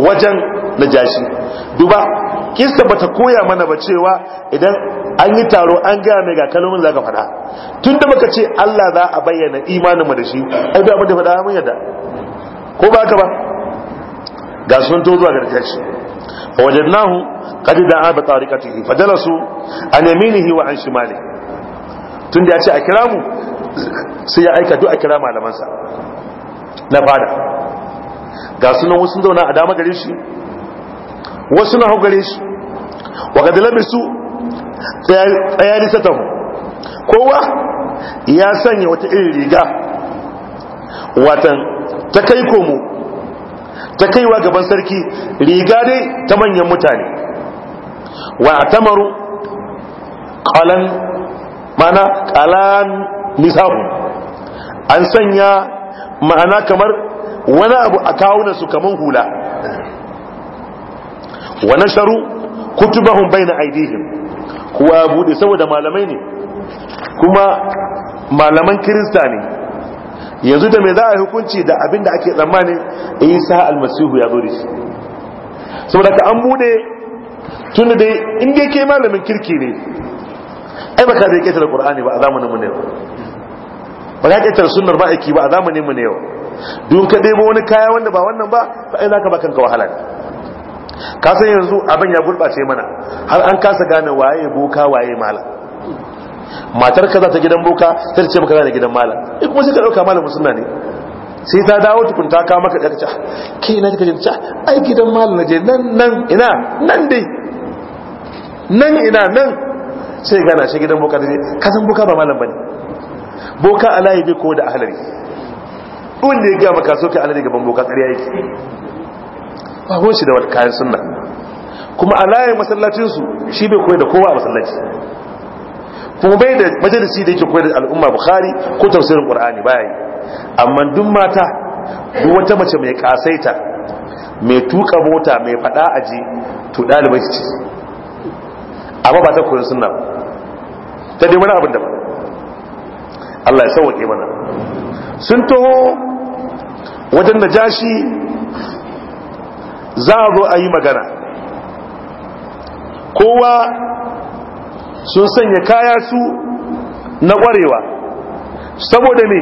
wajen najashi duba kista bata koya mana ba cewa idan an yi taro an gaya mai ga kalmomin za ka tun da muka ce Allah za a bayyana imaninmu da shi ai da abin da faɗa mun yadda ko ba ka ba ga sun to zuwa shi. fa wajadnahu qad da'a bi tariqatihi fa jalasu an yaminihi wa an tun tunda ya ce a kira mu sai ya aika duk a kira malamansa na fada ga sunan wasu zauna a dama gare shi wasu na hau gare shi wa ga tsayari kowa ya sanya wata irin riga watan ta kai komo ta kaiwa gaban sarki riga dai ta manyan mutane wa tamaru qalan mana qalan nisabu an sanya ma'ana kamar wani abu a kawunan su hula wa nasharu kutubahum bayna aidihim kuwa bude saboda malamai ne kuma malaman kirista ne yanzu da me za a yi hukunci da abin da ake tsammani isa almasihu ya zo da shi saboda ka an bude tun da in dai ke malamin kirki ne ai baka da yake da qur'ani ba a zamanin mu ne ba ka ƙetare sunnar ba aiki ba a zamanin mu ne yau don ka ɗebo wani kaya wanda ba wannan ba ba ai zaka bakanka wahala ka san yanzu abin ya gurɓace mana har an kasa gane waye boka waye malam matar kaza ta gidan boka ta ce maka da gidan malam in kuma sai ka dauka malamin sunna ne sai ta dawo tukun ta kawo maka daga ke ina kika jin ai gidan malam je nan nan ina nan dai nan ina nan sai gana shi gidan boka da ka san boka ba malam bane boka alayi bi ko da ahlari da ya ga maka ka ahlari gaban boka ƙarya yake ba shi da wani kayan sunna kuma alayin masallacinsu shi bai koyar da kowa a masallaci kuma bai da majalisi da yake koyar da al'umma bukhari ko tafsirin qur'ani baya yi amma duk mata duk wata mace mai kasaita mai tuka mota mai fada aji to dalibai ce amma ba ta koyar sunna ta dai wani abin da ba Allah ya sauke mana sun taho wajen najashi za a zo a yi magana kowa sun sanya kaya su na kwarewa saboda me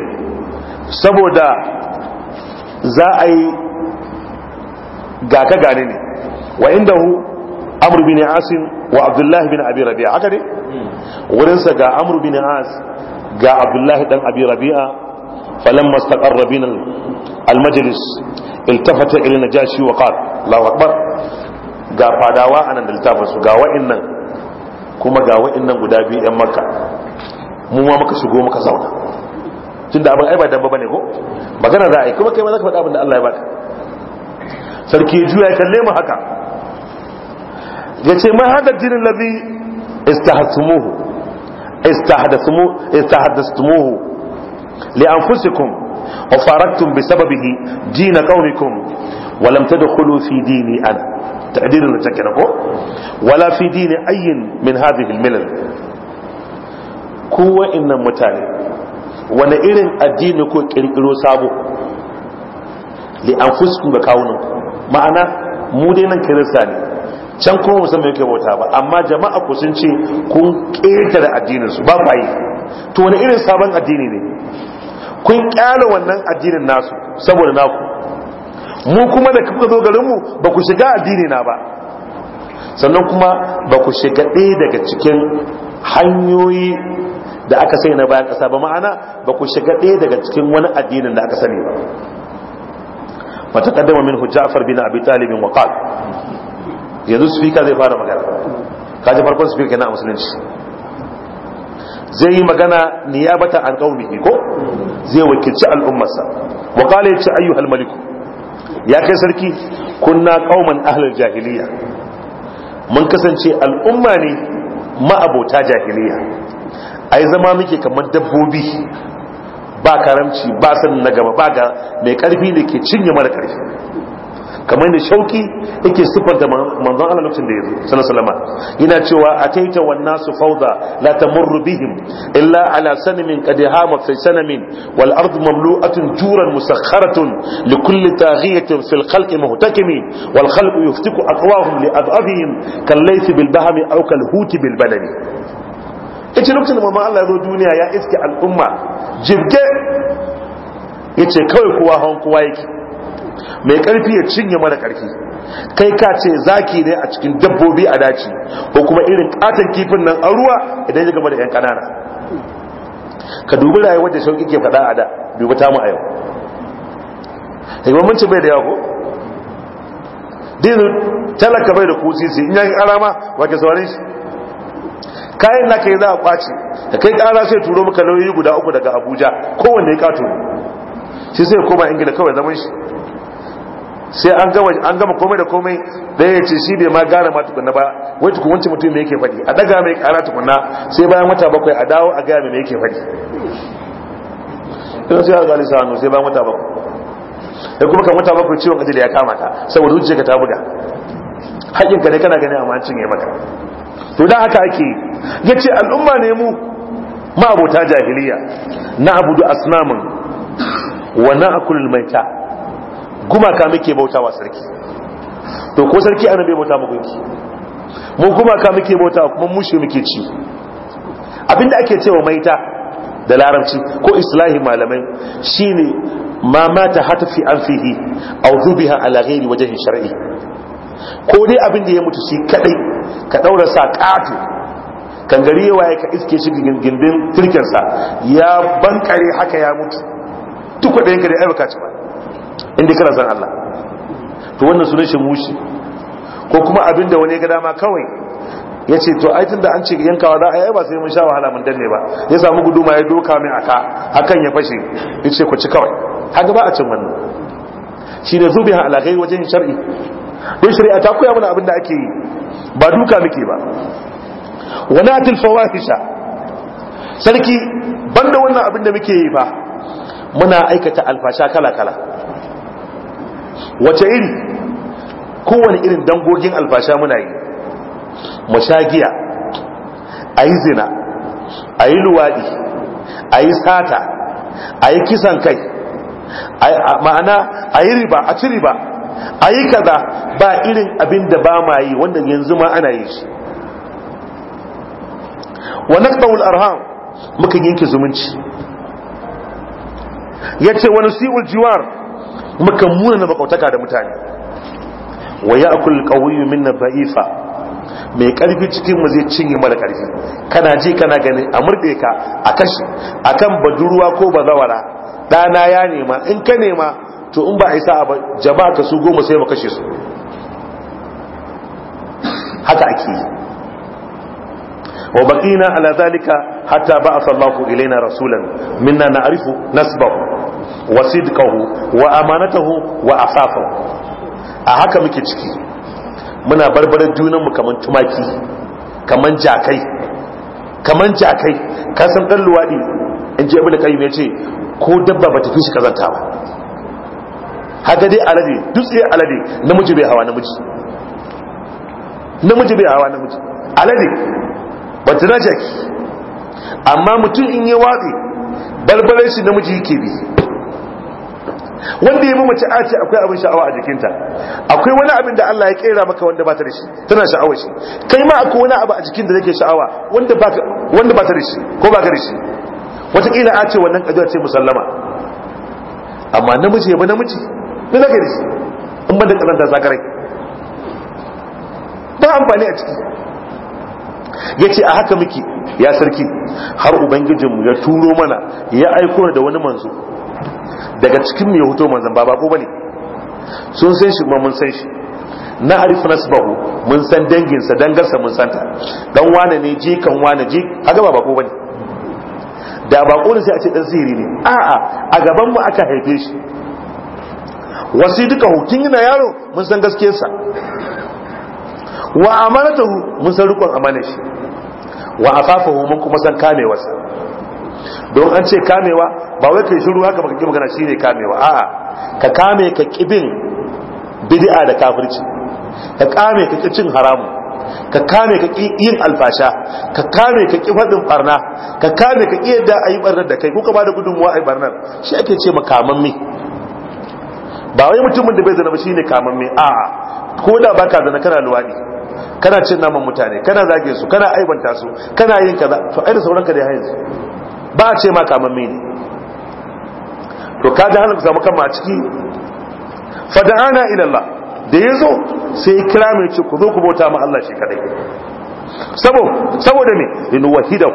saboda za a yi gaka gane ne wa inda hu amur bin asin wa abdullahi bin abi rabi'a haka ne wurinsa ga amur bin as ga abdullahi dan abi rabi'a فلما استقر بنا المجلس التفت الى النجاشي وقال الله اكبر غا فداوا انا دلتافسو غا وانن kuma ga wa'annan guda biyu yan maka mu ma muka shigo muka zauna tunda abin ai ba damba bane ko magana za a yi kuma kai ma zaka faɗa abin da Allah ya baka sarki ya juya ya kalle mu haka yace ma hada jinin ladhi istahsumuhu istahdathmu istahdathmuhu li anfusikum wa faraktum bi sababihi din qaumikum wa lam tadkhulu fi dini ana taqdirin da take ko wala fi dini ayyin min hadhihi al-milal ku wa'annan mutane wani irin addini ko kirkiro sabo li anfusikum ga kawunan ma'ana mu dai nan can kuma musamman yake bauta ba amma jama'a ku sun ce kun ƙetare addinin su ba yi. to wani irin sabon addini ne kun kyala wannan addinin nasu saboda naku mu kuma da kuka zo garinmu ba ku shiga addini na ba sannan kuma ba ku shiga ɗaya daga cikin hanyoyi da aka sai na bayan ƙasa ba ma'ana ba ku shiga ɗaya daga cikin wani addinin da aka sani ba mataƙaddama min hujjafar bin abi talibin waƙal yanzu speaker zai fara magana kaji farkon kenan a musulunci zai yi magana niyabata an ƙaunihi ko zai wakilci al'ummarsa qala ya ce ayyuhal maliku ya kai sarki kunna kauman ahlul jahiliya mun kasance al'umma ne ma'abota jahiliya ai zama muke kamar dabbobi ba karamci ba sanin na gaba ba ga mai karfi da ke cinye mara karfi kamar da shauki yake siffanta manzon Allah lokacin da ya zo sallallahu yana cewa ataita wan nasu fawda la tamurru bihim illa ala sanamin qad hama fi sanamin wal ardu mamlu'atun juran musakharatun li kulli taghiyatin fil khalqi muhtakimi wal khalqu yuftiku aqwahum li adabihim kal layth bil bahmi aw kal huti bil badani ita lokacin da manzon Allah ya zo duniya ya iske al'umma jibge yace kawai kowa hawan kowa yake mai karfi ya cinye mara karfi kai ka ce zaki ne a cikin dabbobi a daci ko kuma irin katon kifin nan a ruwa idan ya gama da yan kanana ka dubi rayuwar da shauki ke faɗa a da dubi mu a yau hikimar mancin bai da yawa ko dinu talaka bai da kusisi in yankin alama wake saurin shi kayan na kai za a kwace da kai kara sai turo maka nauyi guda uku daga abuja kowanne ya kato shi sai koma ingila kawai zaman shi sai an gama an gama komai da komai da ya ce shi bai ma gane ma tukunna ba wai tukun wancan mutum me yake faɗi a daga mai ƙara tukunna sai bayan wata bakwai a dawo a gaya me yake faɗi idan sai ya gani sa'anu sai bayan wata bakwai da kuma kan wata bakwai ciwon ajiyar ya kama ka saboda hujjar ka ta buga ka ne kana gani a mancin ya maka to da haka ake ya ce al'umma ne mu ma abota jahiliya na abudu asnamin wa na akulul maita gumaka muke bautawa sarki to ko sarki anan bai bauta gunki mu gumaka muke bauta kuma mushe muke ci abinda ake cewa maita da larabci ko islahi malamai shine ma mata hatafi an fihi aw dhubiha ala ghairi wajhi shar'i ko dai abinda ya mutu shi kadai ka daura sa katu kangare waye ka iske shi gindin sa ya bankare haka ya mutu duk da ka da ya baka ci ba inda kana san Allah to wannan sunan shi mushi ko kuma abinda wani ga dama kawai ya ce to ai tunda an ce yankawa da ai ba sai mun sha wahala mun danne ba ya samu guduma ya doka min aka hakan ya fashe ya ce ku ci kawai haka ba a cin wannan shi ne zubiha ala gai wajen shar'i don shari'a ta koya mana abin da ake yi ba duka muke ba wani atil fawahisha sarki banda wannan abin da muke yi ba muna aikata alfasha kala kala wace iri kowane irin dangogin alfasha muna yi mu sha giya a yi zina a yi luwaɗi a yi sata a yi kisan kai ma'ana a yi riba a ci riba a yi kaza ba irin abin da ba ma yi wanda yanzu ma ana yi shi wani naqtawul arham muka yanke zumunci Ya ce wani siul jiwar muka muna na bakautaka da mutane wa ya akul qawiyyu minna ba'ifa mai karfi cikin mu zai cinye mara karfi kana ji kana gani a murde ka a kashi akan baduruwa ko bazawara dana ya nema in ka nema to in ba isa ba jaba ka su goma sai mu kashe su haka ake yi wa baqina ala zalika hatta ba'atha Allahu ilaina rasulan minna na'rifu nasbahu wa sidqahu wa amanatahu wa afafahu a haka muke ciki muna barbarar junanmu kaman tumaki kaman jakai kaman jakai ka san dan luwadi in ji ibnu me yace ko dabba bata fi shi kazanta ba haka dai alade duk sai alade namiji bai hawa namiji namiji bai hawa namiji alade bata na jaki amma mutum in ya watsi barbarar shi namiji yake bi wanda ya mamace a ce akwai abin sha'awa a jikinta akwai wani abin da Allah ya kera maka wanda ba ta da shi tana sha'awar shi kai ma akwai wani abu a jikin da nake sha'awa wanda ba ta da shi ko ba ka da shi wataƙila a ce wannan kajiyar ce musallama amma namiji ya ba namiji me za ka da shi in ban da karanta zakarai ba amfani a ciki ya ce a haka muke ya sarki har ubangijinmu ya turo mana ya aiko da wani manzo daga cikin mai hoto manzan ba ko bane sun san shi kuma mun san shi na arif nasbahu mun san danginsa dangarsa mun santa dan wane ne jikan wane ji haka ba ko bane da bako ne sai a ce dan sihiri ne a'a a gaban mu aka haife shi wasi duka hukin yana yaro mun san gaskiyarsa wa amanatahu mun san rukun amanar shi wa afafahu mun kuma san kamewarsa don an ce kamewa ba wai kai shiru haka baka ki magana shine kamewa a'a ka kame ka kibin bid'a da kafirci ka kame ka cin haramu ka kame ka yin alfasha ka kame ka ki fadin barna ka kame ka iya da ayi barnar da kai ko ka bada gudunmuwa ayi barnar shi ake ce makaman ba wai mutumin da bai zana ba shine kaman mi a'a ko da baka zana kana luwadi kana cin naman mutane kana zage su kana aibanta su kana yin kaza to ai da sauranka da yanzu ba a ce ma kamamme ne to ka ji hannun samu kama a ciki fada'ana ilallah da ya zo sai kira mai ce ku zo ku bauta ma Allah shi kadai saboda me inu wahidan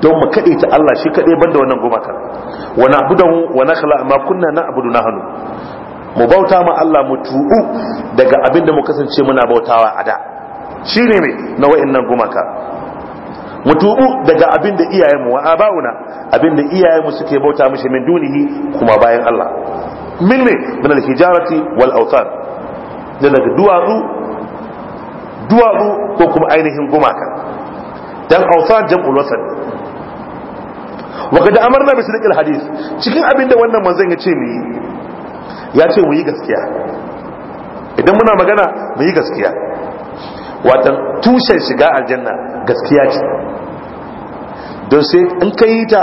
don mu kaɗe ta Allah shi kaɗai banda wannan gumaka wani abudan wani nakhla amma kunna na abudu na hannu. mu bauta ma Allah mu tu'u daga abinda mu kasance muna bautawa a da Shi ne me na wa'in nan gumaka tubu daga abin da iyayenmu wa abauna abin da iyayenmu suke bauta mishi min dunihi kuma bayan Allah min me min al-hijarati wal awtan da daga duwatsu duwatsu ko kuma ainihin gumaka dan awtan jam'ul wasan wa kada amarna bi sirqil hadith cikin abin da wannan manzon ce yi ya ce mu yi gaskiya idan muna magana mu yi gaskiya watan tushen shiga aljanna gaskiya ce don sai in ka yi ta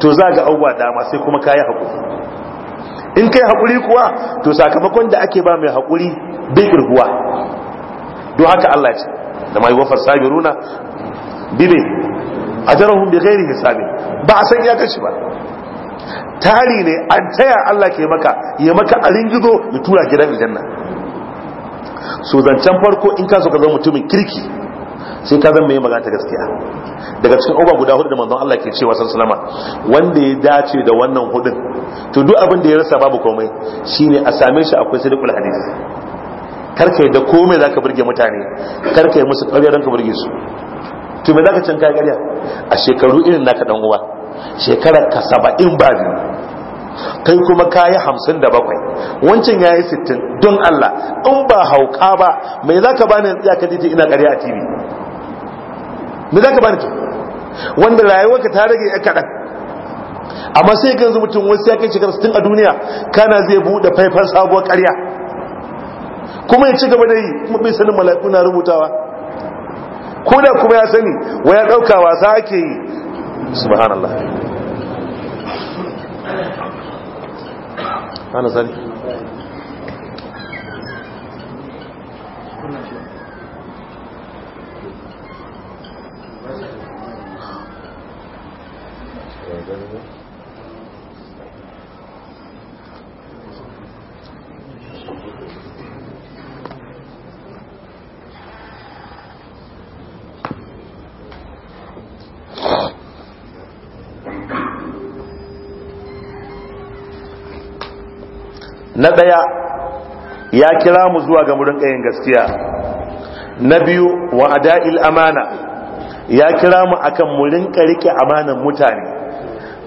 to za ga abubuwa dama sai kuma ka yi haƙuri in kai haƙuri kuwa to sakamakon da ake ba mai haƙuri bai irguwa don haka Allah ce da mai wafar sabiruna bibe a jarahun bi gairi hisabi ba a san ya kashi ba tari ne an taya Allah ke maka ya maka a ringido ya tura gidan aljanna su zancen farko in ka so ka zama mutumin kirki sai ka zama mai magana ta gaskiya daga cikin uba guda hudu da manzon Allah ke cewa salama wanda ya dace da wannan hudun to duk abin da ya rasa babu komai shine a same shi akwai sadiqul hadisi karkai da komai zaka burge mutane karkai yi musu ƙarya don ka burge su to me zaka can kai ƙarya a shekaru irin naka dan uwa shekarar ka 70 ba biyu kai kuma kayi hamsin da bakwai wancan ya yi sittin don Allah in ba hauka ba mai za ka bani ya kan titi ina ƙarya a tv mai za ka bani wanda rayuwarka ta rage ya kaɗan amma sai kan zuwa mutum wasu ya kai shekara sittin a duniya kana zai buɗe faifan sabuwar ƙarya kuma ya ci gaba da yi kuma bai sanin mala'iku rubutawa ko da kuma ya sani wa ya ɗauka wasa ake yi subhanallah ana sarki Thank you. na ɗaya ya kira mu zuwa ga murin ƙayin gaskiya na biyu wa ada'il amana ya kira mu akan murin rike amanan mutane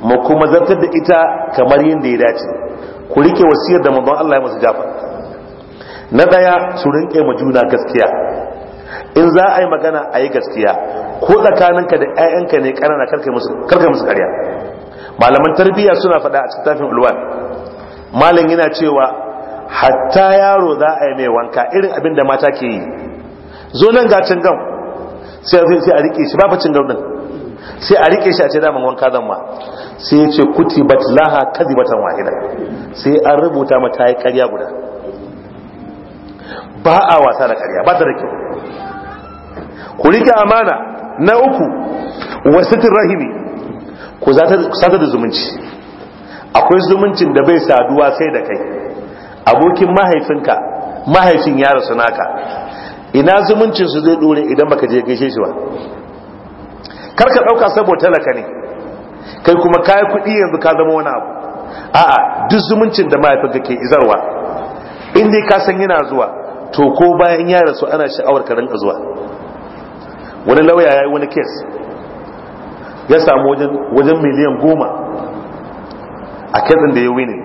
mu kuma zartar da ita kamar yin da ya dace ku rike wasiyar da manzon Allah ya masu jafa na ɗaya su rinƙe mu juna gaskiya in za a yi magana a yi gaskiya ko tsakaninka da 'ya'yanka ne ƙanana karka musu karya malaman tarbiyya suna faɗa a cikin tafin ulwan malin yana cewa hatta yaro za a yi mai wanka irin abin da mata ke yi zo nan ga cingam sai a rike shi ba cingam din sai a rike shi a ce damar wanka zan ma sai ya ce kuti bat laha batan wahida sai an rubuta mata yi karya guda ba a wasa da karya ba ta rike ku rike amana na uku wasu rahimi ku zata da zumunci akwai zumuncin da bai saduwa sai da kai abokin mahaifinka mahaifin ya rasu naka ina zumuncin su zai dore idan baka je gaishe shi ba kar ka dauka saboda talaka ne kai kuma kai kudi yanzu ka zama wani abu a'a duk zumuncin da mahaifinka ke izarwa in dai ka san yana zuwa to ko bayan ya rasu ana sha'awar ka rinka zuwa wani lauya yayi wani case ya samu wajen wajen miliyan goma a kezin da ya wini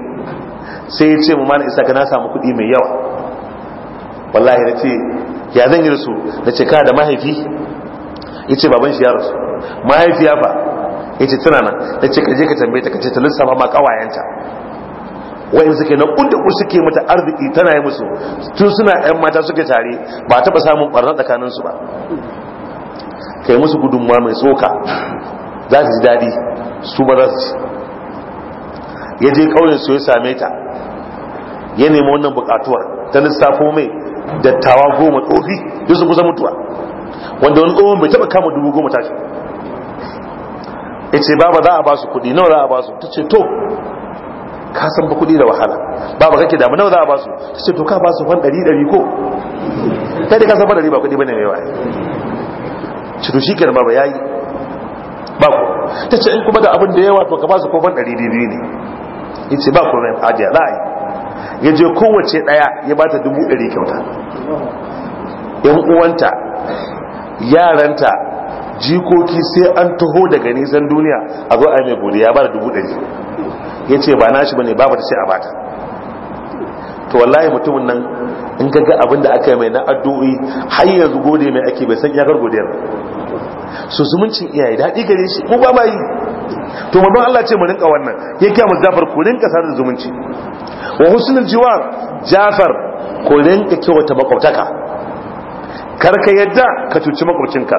sai ya ce mu mana isa ka na samu kuɗi mai yawa wallahi na ce ya zan yi rasu na ce kada mahaifi ya ce baban shi ya rasu ya fa ya ce tana nan na ce kaje ka tambaye ta ka ce ta lissafa ma kawayenta wayan suke na kunda ku suke mata arziki tana yi musu tun suna yan mata suke tare ba taɓa samun ɓarnar su ba kai musu gudunmuwa mai tsoka za su ji daɗi su ba za su ci ya je ƙauyen su ya same ta ya nemi wannan buƙatuwar ta lissafo mai dattawa goma tsofi ya su kusa mutuwa wanda wani tsohon bai taɓa kama dubu goma tashi ya ce baba za a ba su kuɗi nawa za a ba su ta ce to ka san ba kuɗi da wahala baba kake damu nawa za a ba su ta ce to ka ba su fan ɗari ɗari ko ta da ka san fan ɗari ba kuɗi ba ne mai waye ci to shi kenan baba ya yi ba ku ta ce in kuma da abin da yawa to ka ba su kofan ɗari ɗari ne yace ba kuma ajiya za a ya kowace ɗaya ya bata ta dubu ɗari kyauta yan uwanta yaranta jikoki sai an taho daga nisan duniya a zo a mai godiya ya ba dubu ɗari ya ce ba nashi ba ne babu ta sai a bata to wallahi mutumin nan in ka ga abin da aka yi mai na addu'o'i har yanzu gode mai ake bai san iyakar godiyar su zumuncin iyaye daɗi gare shi ko ba ma yi to manzon Allah ce mu rinka wannan yake mu Zafar ku rinka da zumunci wa husnul jiwar Jafar ku rinka kyauta makwabtaka kar ka yadda ka cuci makwabcinka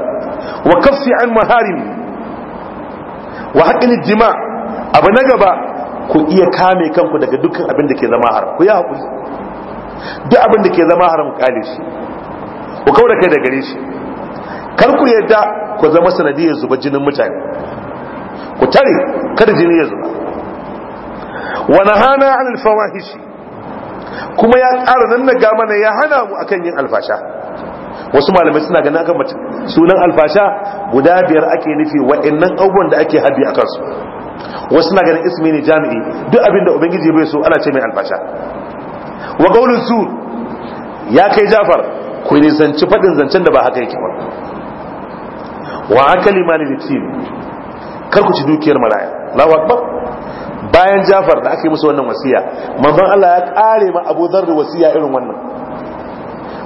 wa kaffi an maharim wa haqqin jima abu na gaba ku iya kame kanku daga dukkan abin da ke zama haram ku ya hakuri duk abin da ke zama haram kale shi ku kaura kai da gare shi kar ku yadda ku zama sanadiyar zuba jinin mutane ku tare kada jini ya zuba wa nahana anil fawahishi kuma ya ƙara nan na mana ya hana mu akan yin alfasha wasu malamai suna ganin akan mace sunan alfasha guda biyar ake nufi wa'annan abubuwan da ake haddi a kansu wasu na ganin ismi ne jami'i duk abin da ubangiji bai so ana ce mai alfasha wa qaulun su ya kai jafar ku nisanci fadin zancen da ba haka yake ba wa akali mali litin Karku ci dukiyar maraya lawa akbar bayan Jafar da aka yi musu wannan wasiya manzon Allah ya kare ma Abu Dharr wasiya irin wannan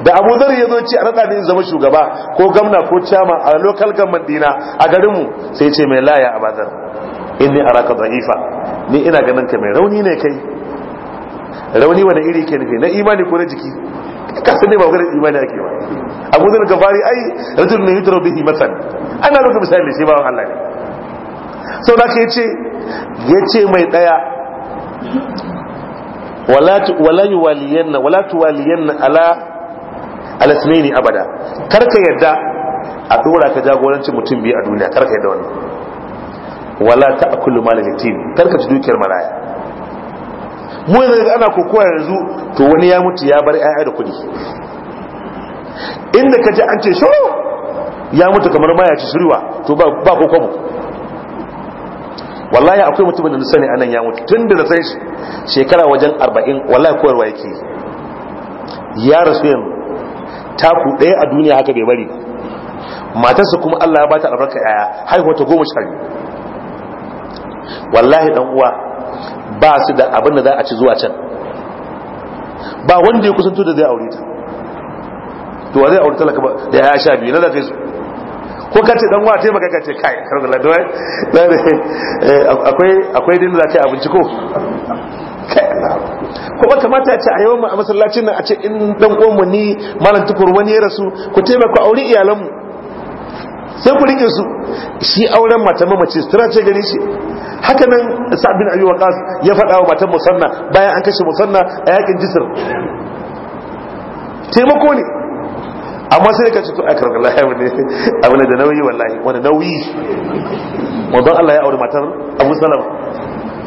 da Abu Dharr ya zo a rada ne zama shugaba ko gwamna ko chairman a local government dina a garin mu sai ce mai laya Abu Dharr inni araka dha'ifa ni ina ganin ka mai rauni ne kai rauni wani iri ke nufi na imani ko na jiki kasu ne ba ganin imani ake ba abu zan gabari ai rajul ne yudra bihi matsan. ana rufe misali sai bawan Allah ne sau da ya ce ya ce mai daya walayu waliyanna walatu waliyanna ala alasmini abada karka yadda a dora ka jagoranci mutum biyu a duniya karka yadda wani wala ta a kullum malalitin karka ci dukiyar maraya mu yanzu ana kokowa yanzu to wani ya mutu ya bar 'ya'ya da kuɗi inda ka ji an ce shuru ya mutu kamar ma ya ci shirwa to ba ko wallahi akwai mutumin da na sani anan ya mutu tun da sai shekara wajen 40 wallahi koyarwa yake ya rasu yanzu taku ɗaya a duniya haka bai bari matarsa kuma Allah ya bata albarka yaya haihuwa ta goma sha biyu wallahi dan uwa ba su da abin da za a ci zuwa can ba wanda ya kusanto da zai aure ta to wa zai aure talaka ba da ya sha biyu na kai su ko ka ce dan wa ce maka kace kai karzala dai dai akwai akwai din za ka abinci ko kuma kamata ce a yawan a masallacin nan a ce in dan uwan mu ni malam tukur wani ya rasu ku taimaka aure iyalan mu sai ku rike su shi auren mata mamace tana ce gare shi haka nan sa'bin ayyu wa qas ya faɗa wa matan musanna bayan an kashe musanna a yakin jisr taimako ne amma sai ka ci to a karkar lahi abu ne abin da nauyi wallahi wani nauyi wadon Allah ya auri matar abu salama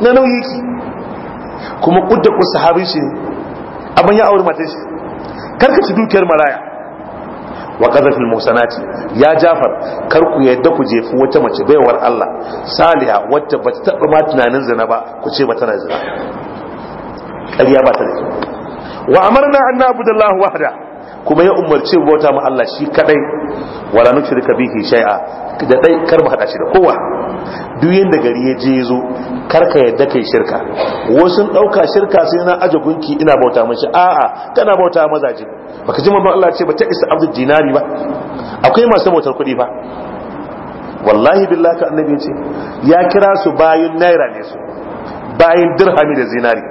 na nauyi ki kuma kudda ku sahabi shi amma ya auri matar shi karka ci dukiyar maraya wa qadhafil musanati ya jafar kar ku yadda ku jefu wata mace baiwar Allah saliha wacce bata taba ma tunanin zina ba ku ce ba tana zina ƙarya ba ta da wa amarna an na'budallahu wahda kuma ya umarci bauta ma Allah shi kadai wala nushrika bihi shay'a da dai kar mu hada shi da kowa duk yanda gari ya je zo kar ka yadda kai shirka wasu dauka shirka sai na aje gunki ina bauta mishi a'a kana bauta mazaje baka ji manzon Allah ce ba ta isa abdul dinari ba akwai masu bautar kuɗi ba wallahi billahi ka annabi ce ya kira su bayin naira ne su bayin dirhami da zinari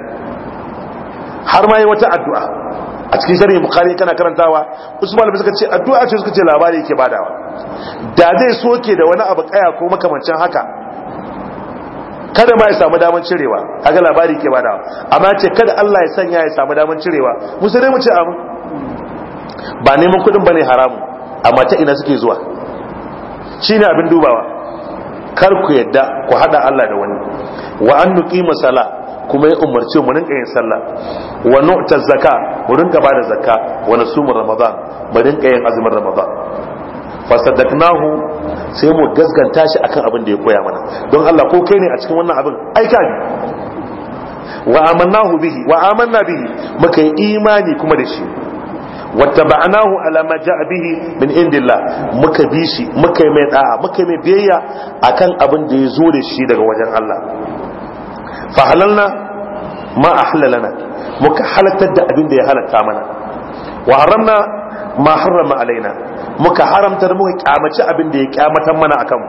har ma yi wata addu'a a cikin sharhi bukhari kana karantawa usman malamai suka ce addu'a ce suka ce labari yake badawa da zai soke da wani abu kaya ko makamancin haka kada ma ya samu daman cirewa kaga labari ke badawa amma ce kada Allah ya sanya ya samu daman cirewa musa dai mu ce amin ba neman kudin bane haramu amma ta ina suke zuwa shine abin dubawa kar ku yadda ku hada Allah da wani wa an nuqima salat kuma ya umarci mu rinka yin sallah wa nu'ta zakka mu rinka bada zakka wa nasumu ramadan mu rinka yin azumin ramadan fasaddaqnahu sai mu gaskanta shi akan abin da ya koya mana don Allah ko kai ne a cikin wannan abin ai ka wa amannahu bihi wa amanna bihi muka yi imani kuma da shi wattaba'nahu ala ma ja'a bihi min indillah muka bi shi muka yi mai da'a muka yi mai biyayya akan abin da ya zo da shi daga wajen Allah fa halalna ma ahlalana muka halattar da abin da ya halatta mana wa haramna ma harrama alaina muka haramtar muka kyamaci abin da ya kyamata mana akan mu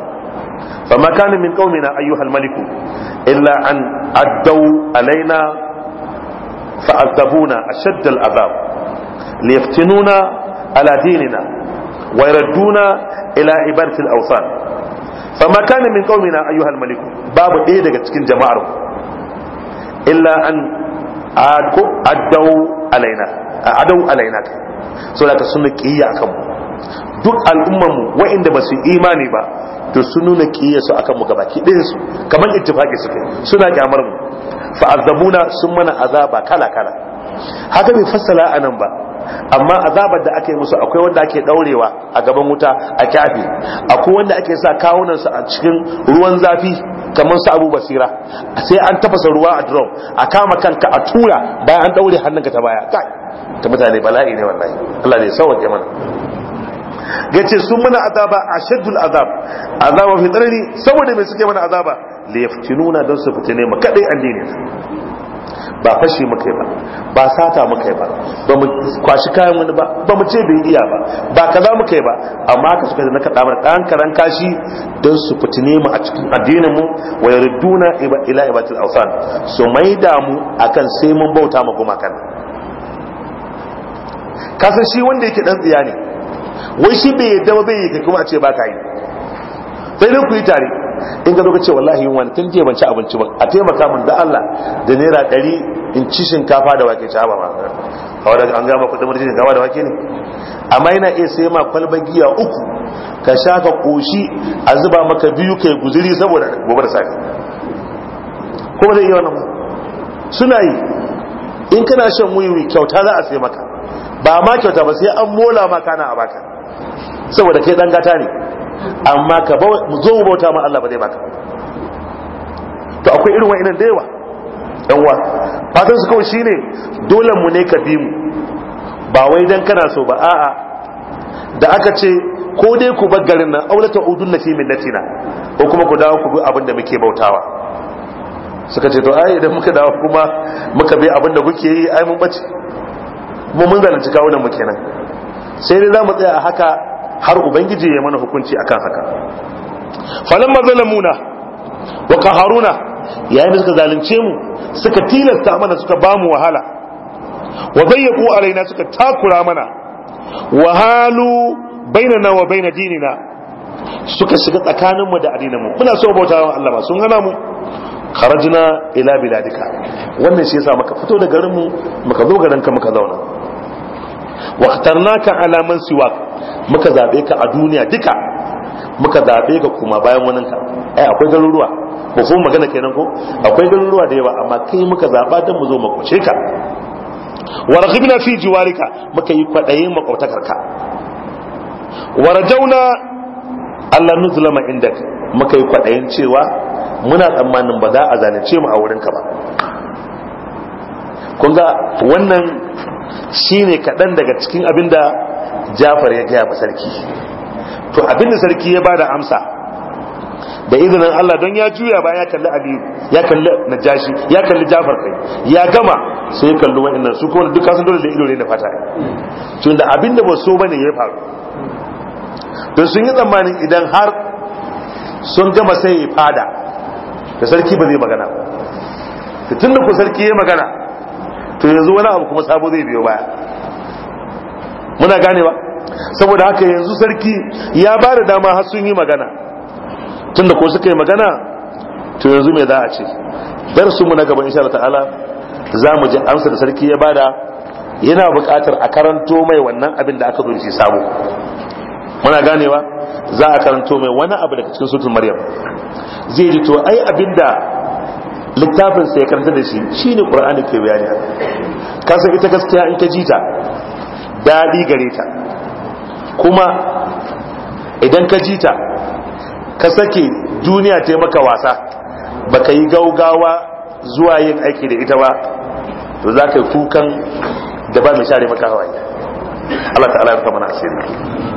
fa ma kana min qaumina ayyuhal maliku illa an addu alaina fa azabuna ashadd al azab liyaftinuna ala dinina wa yarduna ila ibadati al awsan fa ma kana min qaumina ayyuhal maliku babu ɗaya daga cikin jama'ar illa an addau alaina adau alaina so da sun nuna akan mu duk al'ummar mu waɗanda ba su imani ba to sun nuna kiyya su akan mu gabaki ɗayan su kamar ittifaqi suke suna kyamar mu fa azabuna sun mana azaba kala kala haka bai fassala anan ba amma azabar da ake musu akwai wanda ake daurewa a gaban wuta a kyafi akwai wanda ake sa kawunan su a cikin ruwan zafi kamar su abu basira sai an tafasa ruwa a drum a kama kanka a tura bayan an daure hannunka ta baya kai ta mutane bala'i ne wallahi Allah ne ke mana gace sun mana azaba ashaddul azab azaba fi tsanani saboda me suke mana azaba liftinuna don su fitine mu kadai addini ba fashi muka yi ba ba sata muka yi ba ba mu kwashi kayan wani ba ba mu ce bai iya ba ba kaza muka yi ba amma ka suka na kaɗa mana ɗan karan kashi don su fiti a cikin addinin mu wa yarduna ila ibatil awsan su mai da mu akan sai mun bauta ma gumakan kasan shi wanda yake dan tsiya ne wai shi bai yadda ba bai yi kai kuma a ce ba ka yi sai dai ku yi tare in ga zo wallahi yunwa ne tun jiya ban ci abinci ba a taimaka min da Allah da naira ɗari in ci shinkafa da wake ci abama a wadda an gama kudin murjin shinkafa da wake ne amma yana iya sai ma kwalba giya uku ka sha ka koshi a zuba maka biyu kai guziri saboda gobe da safe kuma zai iya wannan mu suna yi in kana shan wiwi kyauta za a sai maka ba ma kyauta ba sai an mola ma kana a baka saboda kai dan gata ne amma ka zo mu bauta ma Allah ba zai baka to akwai irin wa'inan da yawa yan wa fatan su kawai shine dole mu ne ka bi mu ba wai dan kana so ba a'a da aka ce ko dai ku bar garin nan aulata udun na min natina ko kuma ku dawo ku bi abin da muke bautawa suka ce to ai idan muka dawo kuma muka bi abin da kuke yi ai mun bace mu mun zalunci kawunan mu kenan sai dai za mu tsaya a haka har ubangiji ya mana hukunci akan haka falan mazalamuna wa qaharuna yayin da suka zalunce mu suka tilasta mana suka bamu wahala wa dayyaku alaina suka takura mana wahalu bainana wa baina dinina suka shiga tsakaninmu da addinin mu muna so wa Allah ba sun hana mu kharajna ila biladika wannan shi yasa muka fito da mu muka zo garinka muka zauna واخترناك alaman من سواك muka zabe ka a duniya duka muka zabe ka kuma bayan wannan ka ai akwai garuruwa ba kuma magana kenan ko akwai garuruwa da yawa amma kai muka zaba dan mu zo mu kwace ka wa raghibna fi jiwarika muka yi kwadayin ka. wa rajauna Allah nuzlama indak muka yi kwadayin cewa muna tsammanin ba za a zalunce mu a wurinka ba Kunga wannan shine kaɗan daga cikin abin da jafar ya gaya sarki to abin da sarki ya bada amsa da izinin Allah don ya juya ba ya kalli aliyu ya kalli najashi ya kalli jafar kai ya gama sai ya kalli wa'annan su kuma duk kasan dole da ido ne da fata tun da abin da ba so bane ya faru don sun yi tsammanin idan har sun gama sai ya fada da sarki ba zai magana ba tun da ku sarki ya magana to yanzu wani abu kuma sabo zai biyo baya muna gane saboda haka yanzu sarki ya ba da dama har sun yi magana tunda ko suka yi magana to yanzu me za a ce darsu mu na gaba insha Allah ta'ala za mu ji amsa da sarki ya bada yana bukatar a karanto mai wannan abin da aka zo shi sabo muna ganewa za a karanto mai wani abu daga cikin sutun maryam zai ji to ai abinda littafin sai ya karanta da shi shine qur'ani ke bayani ka ita gaskiya in ta jita dadi gare ta kuma idan ka jita ka sake duniya ta maka wasa baka yi gaugawa zuwa yin aiki da ita ba to za ka yi kukan da ba mai share maka hawaye Allah ta'ala ya asiri